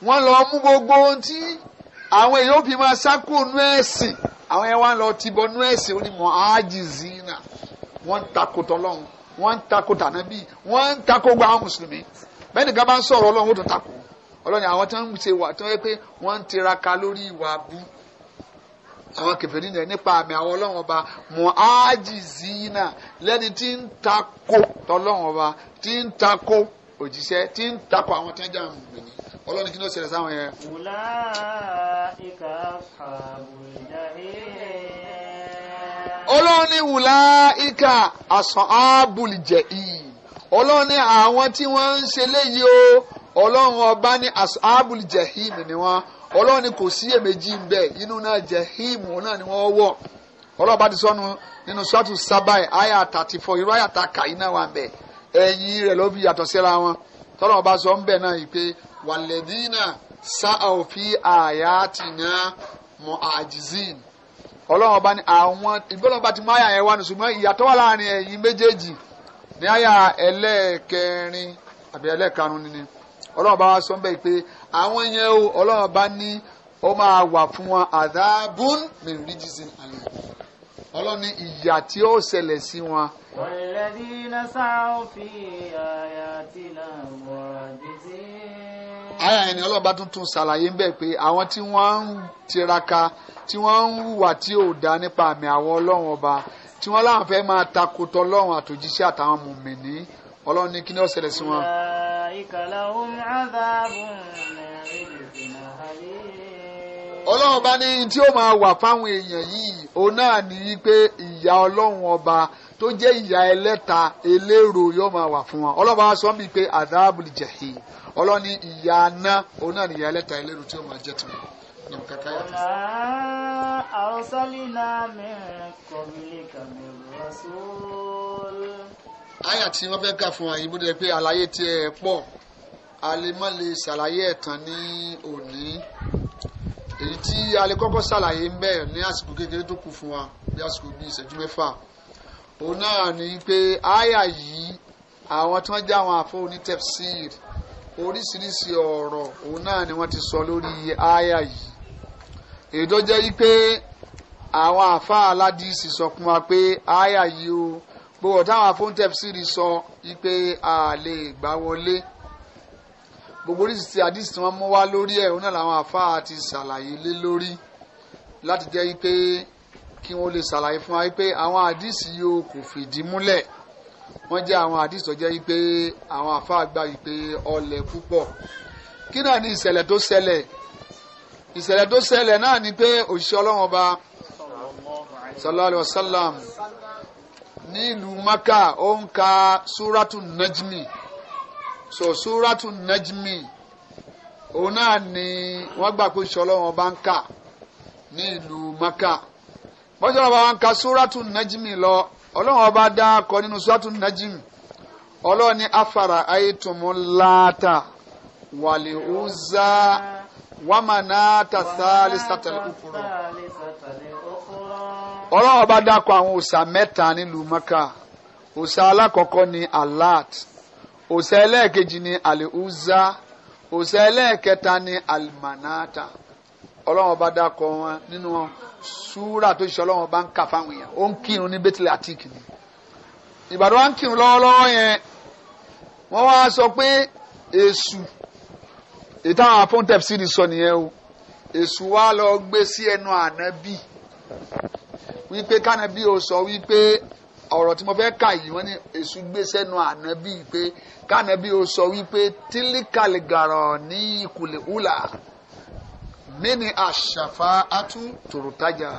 wọ́n lọ mú gbogbo ohun tí àwọn èèyàn fi máa sákò nú ẹ̀sìn àwọn yẹn wá lọ tìbọ̀ nú ẹ̀sìn onímọ̀ ájìzínà wọ́n ń takò tọ́lọ́run wọ́n ń takò tànábì wọ́n ń takò gba àwọn mùsùlùmí bẹ́ẹ̀ nìkan bá ń sọ̀rọ̀ ọlọ́run ó tún takò ọlọ́run àwọn tó ń ṣe wà tó yẹ pé wọ́n ń tiraka lórí ìwà abú àwọn kẹfẹ́rí nìyẹn nípa àmì àwọn ọlọ́run ọba muhajizina lẹ́ni tí ń takò tọ́lọ́run ọba tí ń takò òjíṣẹ́ tí ń takò àwọn tẹ́jà mùmìnì ọlọ́ni kí ló ṣẹlẹ̀ sáwọn yẹn. wùlá ìka ashabul jahim. ọlọ́ni wùlá ìka ashabul jahim ọlọ́ni àwọn tí wọ́n ń ṣe léyìí o ọlọ́run ọba ní ashabul jahim ni wọ́n ọlọ́ni kò sí èméjì ń bẹ inú náà jahim náà ni wọ́n wọ̀ ọlọ́ba ti sọnu nínú sọ́ọ̀tù sábàì àyà àtàtì fọ irú àyà àtàkà iná wa ń bẹ ẹ̀yìn rẹ̀ ló fi yàtọ̀ síra wọn tọ́lọ́mọba sọ ń bẹ náà yìí pé wàlẹ́dínà sáàwò fi àyàtìná mọ àjìzín ọlọ́run ọba ní àwọn ìgbọ́dọ̀ bá ti mú àyà yẹn wá ní ṣùgbọ́n ìyàtọ̀ wà láàrin ẹ̀yin méjèèjì ní àyà ẹlẹ́ẹ̀kẹrin àbí ẹlẹ́ẹ̀karùn ni ọlọ́run ọba wa sọ bẹ́ẹ̀ pé àwọn yẹn o ọlọ́run ọba ní ó máa wà fún wọn àdáàbùn mìrìndínlẹ́sìn àlẹ́ ọlọ́run ní ìyà tí ó ṣẹlẹ̀ sí wọn. wàlẹ́dínà sáàwò fi àyàtìná mọ àjìzín àyà yẹn ni ọlọ́ba tuntun ṣàlàyé ń bẹ̀ pé àwọn tí wọ́n ń tiraka tí wọ́n ń hùwà tí ò dá nípa àmì àwọn ọlọ́run ọba tí wọ́n láwọn fẹ́ máa takòtò ọlọ́run àtòjíṣẹ́ àtàwọn mùmìnì ọlọ́run ní kíní ó ṣẹlẹ̀ sí wọn. ọlọ́run ọba ní tí ó máa wà fáwọn èèyàn yìí òun náà ní í pé ìyà ọlọ́run ọba tó jẹ́ ìyà ẹlẹ́ta elérò yóò máa wà fún wọn ọlọ́run ọba sọ ọlọ́ni ìyá aná òun náà nìyá ẹlẹ́ta ẹlẹ́rú tí ó máa jẹ́ tiwọn ní kàkà yàtọ̀ sí. àwòsálínà mẹ́rin kọ̀mílì kàmẹ́rù rasúl. àyà tí wọ́n fẹ́ kà fún wa yìí bó dẹ̀ pé àlàyé tiẹ̀ pọ̀ a lè má lè ṣàlàyé ẹ̀ ní òní èyí tí a lè kọ́kọ́ ṣàlàyé ń bẹ̀ ní àsìkò kékeré tó kù fún wa bí àsìkò bíi ìṣẹ́jú mẹ́fà òun náà ni pé àyà yìí àwọn tí wọ́n já àwọn àfọ onítẹ̀fsíìrì oríṣiríṣi ọ̀rọ̀ òun náà ni wọ́n ti sọ lórí àyà yìí èyí tó jẹ́ wípé àwọn àfáà aládìsí sọ fún wa pé àyà yìí o gbogbo táwọn afóńtẹ́fsìrì sọ wípé a lè gbà wọlé gbogbo oríṣiríṣi àdìsí tí wọ́n mú wá lórí ẹ̀ òun náà làwọn àfáà ti ṣàlàyé lé lórí láti jẹ́ wípé kí wọ́n lè ṣàlàyé fún wa wípé àwọn àdìsí yìí o kò fìdí múlẹ̀ wọ́n jẹ́ àwọn àdìsọ jẹ́ wípé àwọn àfa àgbà wípé ọlẹ̀ púpọ̀ kí náà ni ìṣẹ̀lẹ̀ tó ṣẹlẹ̀ ìṣẹ̀lẹ̀ tó ṣẹlẹ̀ náà ni pé òṣìṣẹ́ ọlọ́wọ́n ba sallallahu alayhi wa sallam ní ìlú maka ó ń ka suratu najmi so suratu najmi òun náà ni wọ́n gbà pé òṣìṣẹ́ ọlọ́wọ́n bá ń kà ní ìlú maka bọ́sẹ̀ ọlọ́wọ́n bá ń ka suratu najmi lọ ọlọ́run ọba dá akọ nínú sọ́tún najim ọlọ́run ní afara ayétumú láàtà wàlẹ̀ ọ̀zá wàmánà tàtàlẹ̀ sátẹ̀lẹ̀ òkúrọ̀ ọlọ́run ọba dá akọ àwọn òòṣà mẹ́ta nílùú maka òòṣà alákọ̀ọ́kọ́ ní alat òòṣà ẹlẹ́ẹ̀kejì ní alẹ́ ọ̀zá òòṣà ẹlẹ́ẹ̀kẹta ní alimanata ọlọ́run ọba dá akọ wọn nínú wọn súrà tó ṣiṣẹ́ ọlọ́run bá ń kà fáwọn èèyàn ó ń kírun ní bethel atik ni ìbàdàn wa ń kírun lọ́wọ́lọ́wọ́ yẹn wọ́n wá sọ pé èṣù ìtàn àfọ́ńtẹ̀p sí ni sọ nìyẹn o èṣù wa lọ gbé sí ẹnu ànábì wípé kánábì ó sọ wípé ọ̀rọ̀ tí mo fẹ́ kà yìí wọ́n ní èṣù gbé sẹ́nu ànábì pé kánábì ó sọ wípé tílíkàlì gàrọ̀ ní ìkùlẹ̀ húlà mini àṣàfà atu turutaja,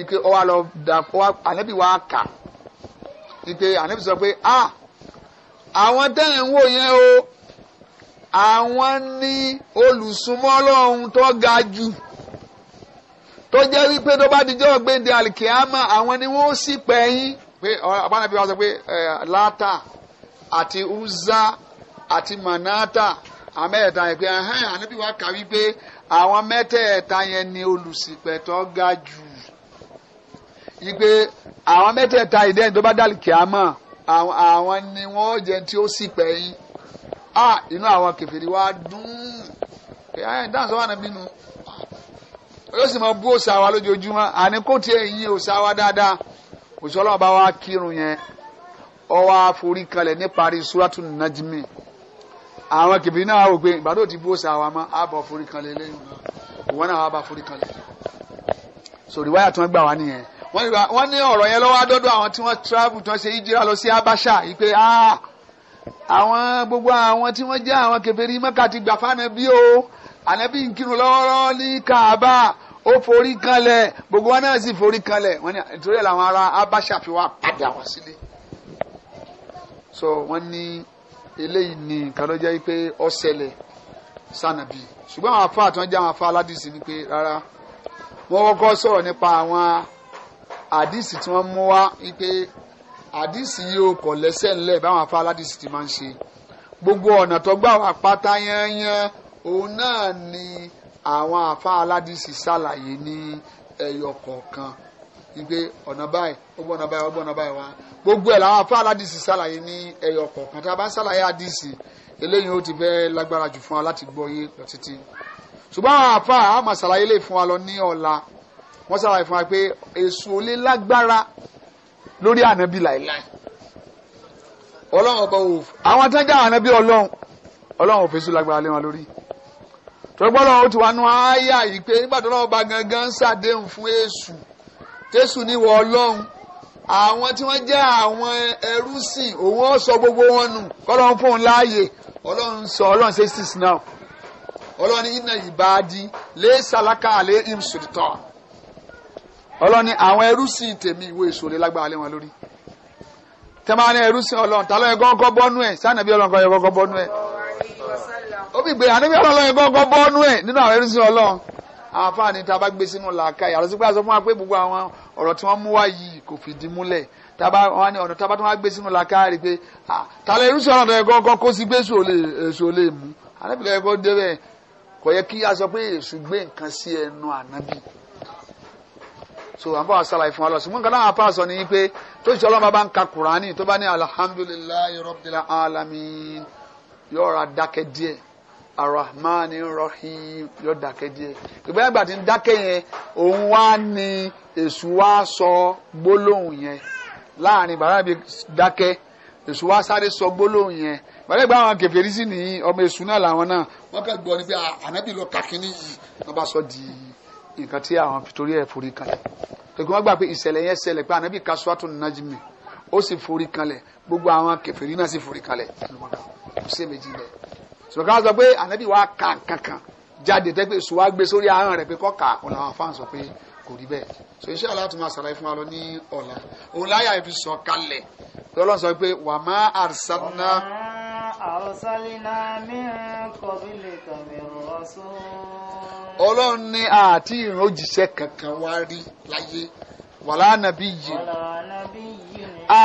ike ọwọ́ àlọ́ dà ọwọ́ ànábì wa kà ike ànábì sọ pé a ah, àwọn tẹ́lẹ̀ ń wò yẹn o àwọn ní olùsúnmọ́ ọlọ́run tó ga jù tó jẹ́ wípé tó bá dijọ́ gbèǹde àlìkíámà àwọn ni wọ́n sì pẹ́ yín pé àbánabi wa sọ pé eh, látà àti uza àti manata amẹ́ẹ̀ta yẹn pé ànábì wa kà wípé àwọn mẹ́tẹ̀ẹ̀ta yẹn ni olùṣìpẹ̀tọ́ ga jù wípé àwọn mẹ́tẹ̀ẹ̀ta ìdẹ́yìn tó bá dàlì kíámà àwọn ni wọ́n jẹ́ tí ó sì pẹ́ yín ah inú àwọn kèfèrí wa dùn pé ẹ̀hán dáhùn sọ́wọ́n ànábì nù yóò sì máa bú òòṣà wa lójoojúmọ́ àní kò wa dáadáa òṣèlú ọba wa kírun yẹn àwọn kìbìrì náà wò pé ìgbàdo ti bó sa wa mọ́ àbọ̀ forí kan lé lẹ́yìn ìwọ náà wà bá forí kan lé sòrí wáyà tí wọ́n gbà wá nìyẹn wọ́n ní ọ̀rọ̀ yẹn lọ́wọ́ adọ́dọ̀ àwọn tí wọ́n travel tí wọ́n ṣe ìjírà lọ sí Abasha yìí pé ah, àwọn gbogbo àwọn tí wọ́n jẹ́ àwọn kèfèrí Mẹ́kà ti gbà fáná bí o ànábì ń kírun lọ́wọ́rọ́ ní Kaaba ó forí kanlẹ̀ gbogbo wọn náà sì forí kanlẹ̀ wọ́n ní nítorí ẹ̀ làwọn ará Abasha fi wá padà wá sílé so wọ́n ní eléyìí ni nǹkan ló jẹ́ pé ó ṣẹlẹ̀ sànàbí ṣùgbọ́n àwọn afá àtúnwọ́n jẹ́ àwọn afá aládìsí ni pé rárá wọ́n kọ́kọ́ sọ̀rọ̀ nípa àwọn àdìsí tí wọ́n mú wá wípé àdìsí yìí ó kọ̀ lẹ́sẹ̀ ńlẹ̀ báwọn afá aládìsí ti máa ń ṣe gbogbo ọ̀nà tó gbà wá pátá yányán òun náà ni àwọn afá aládìsí ṣàlàyé ní ẹyọ kọ̀ọ̀kan wípé ọ̀nà báyìí ó gbọ́ ọ̀nà báyìí ó gbọ́ ọ̀nà báyìí wá gbogbo ẹ̀ làwọn afọ aládìsí ṣàlàyé ní ẹyọ kọ̀ọ̀kan tí a bá ṣàlàyé àdìsí eléyìí ó ti fẹ́ lágbára jù fún wa láti gbọ́ yé lọ títí ṣùgbọ́n àwọn afọ a máa ṣàlàyé lè fún wa lọ ní ọ̀la wọ́n ṣàlàyé fún wa pé èso olè lágbára lórí ànábì láìláì ọlọ́run ọba ò àwọn atájà ànábì ọlọ́run ọlọ́run òfin sùn lágbára lé wọn lórí tọ́gbọ́dọ̀ ó ti wá nu àáyà yìí pé nígbà tó lọ́wọ́ bá gangan ṣàdéhùn fún èṣù tẹ́sù níwọ̀ ọlọ́run àwọn tí wọ́n jẹ́ àwọn ẹrú sìn òun ó sọ gbogbo wọn nù kọ́lọ́run fún un láàyè ọlọ́run sọ ọlọ́run ṣe six now ọlọ́run iná ìbáàdí lé sàlákà lé ìmùsùlùtọ̀ ọlọ́run àwọn ẹrú sìn tèmi ìwé ìṣòro lágbára lé wọn lórí tẹ́mání ẹrú sìn ọlọ́run tàlọ́ yẹn gọ́gọ́ bọ́nú ẹ̀ sànàbí ọlọ́run yẹn gọ́gọ́ bọ́nú ẹ̀ ó bì gbé ànábì ọlọ́run yẹn gọ́gọ́ bọ́nú ẹ̀ nínú àwọn ẹrú sìn ọlọ́run àfáàní tá a bá gbé sínú làákà yàrá sí pé a sọ fún wa pé gbogbo àwọn ọ̀rọ̀ tí wọ́n mú wá yìí kò fìdí múlẹ̀ tába wọn ni ọ̀nà tába tó wá gbé sínú làákà rí pé tàlẹ́ irú sọ̀rọ̀ tó yẹ kọ́ kó sí gbé èso lè mú anábìlẹ̀ kọ́ débẹ̀ kò yẹ kí a pé èso gbé nǹkan sí ẹnu ànábì so àwọn bá wa ṣàlàyé fún wa lọ sí nǹkan náà apá sọ ni pé tó ṣe ọlọ́mọba bá ń ka kùránì tó bá ní alhamdulillahi rabbil alamin yóò ra dákẹ́ díẹ̀ arahmani rahim yóò dákẹ́ díẹ̀ ìgbẹ́ àgbà tí ń dákẹ́ yẹn òun wá ní èṣù wá sọ gbólóhùn yẹn láàrin bàbá mi dákẹ́ èṣù wá sáré sọ gbólóhùn yẹn bàbá ìgbà àwọn kèfèrí sí ní ọmọ èṣù náà làwọn náà wọ́n kàn gbọ́ ni pé ànábì lọ kàkínní yìí wọ́n bá sọ di nǹkan tí àwọn torí ẹ̀ forí kan kẹ̀kẹ́ wọ́n gbà pé ìṣẹ̀lẹ̀ yẹn ṣẹlẹ̀ pé ànábì kasuwatu najmi ó sì forí kanlẹ̀ gbogbo àwọn kèfèrí náà sì forí kanlẹ̀ kò sí èméjì sọ ká sọ pé ànábì wa kà kankan jáde tẹ́ pé sọ wá gbé sórí ahọ́n rẹ̀ pé kọ́ kà ọ̀nà àwọn fáwọn sọ pé kò rí bẹ́ẹ̀ so insha Allah tún máa ṣàlàyé fún wa lọ ní ọ̀la òun láyà fi sọ kalẹ̀ lọ́lọ́ sọ pé wà má àrùsánná. àrùsálínà mi kọ̀bílẹ̀ kàmẹ́ ọlọ́run ní àti ìròjìṣẹ́ kankan wá rí láyé. wàlá anabi yìí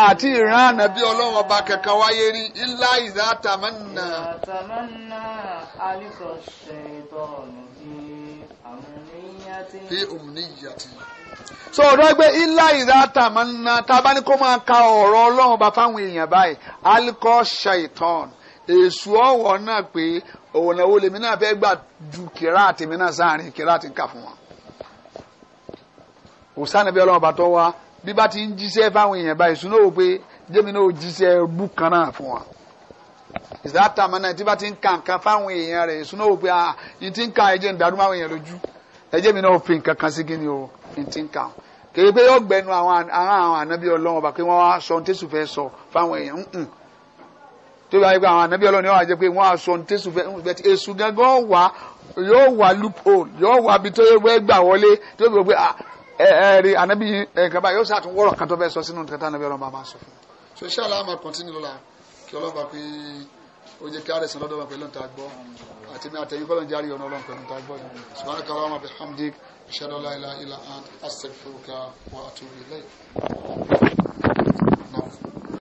àti ìran anabi ọlọ́run ọba kankan wáyé rí ilá ìzá tàmánà. fi so ọ̀dọ́ gbé ilá ìzá tàmánà tábà ní kó máa ka ọ̀rọ̀ ọlọ́run ọba fáwọn èèyàn báyìí alikọ shaitan èṣù náà pé ọ̀nà wo náà fẹ́ gbà ju náà kò sànàbí ọlọ́run bá tọ́ wa bí bá ti ń jíṣẹ́ fáwọn èèyàn báyìí sùn náà wò pé jẹ́mi náà jíṣẹ́ bú kan náà fún wa ìsàtà mọ́nà tí bá ti ń ka nǹkan fáwọn èèyàn rẹ̀ sùn náà wò pé ah n ti ń ka ẹ̀jẹ̀ ń dàrú máwọn èèyàn lójú ẹ̀jẹ̀ mi náà fi nǹkan kan sí kíni o n ti ń ka kèrè pé yóò gbẹnu àwọn ànábì ọlọ́run pé wọ́n wá sọ ntẹ́sù fẹ́ sọ fáwọn èèyàn ẹ̀ẹ́rì ànábì nǹkan báyìí ó sì àtún wọ́rọ̀ kan tó bẹ́ẹ̀ sọ sínú nǹkan tá ànábì ọlọ́mọba máa sọ fún un. so iṣẹ́ àlá máa kọ́ntínú lọ́la kí ọlọ́ba pé ó jẹ́ kí àrẹ̀sán lọ́dọ̀ wọn pẹ̀lú ìta gbọ́ àti ní àtẹ̀yìn kọ́lọ́ járí ọ̀nà ọlọ́run pẹ̀lú ìta gbọ́ ṣùgbọ́n kí ọlọ́run àbí hamdik ashhadu la ilaha illa ant astaghfiruka wa atubu ilayk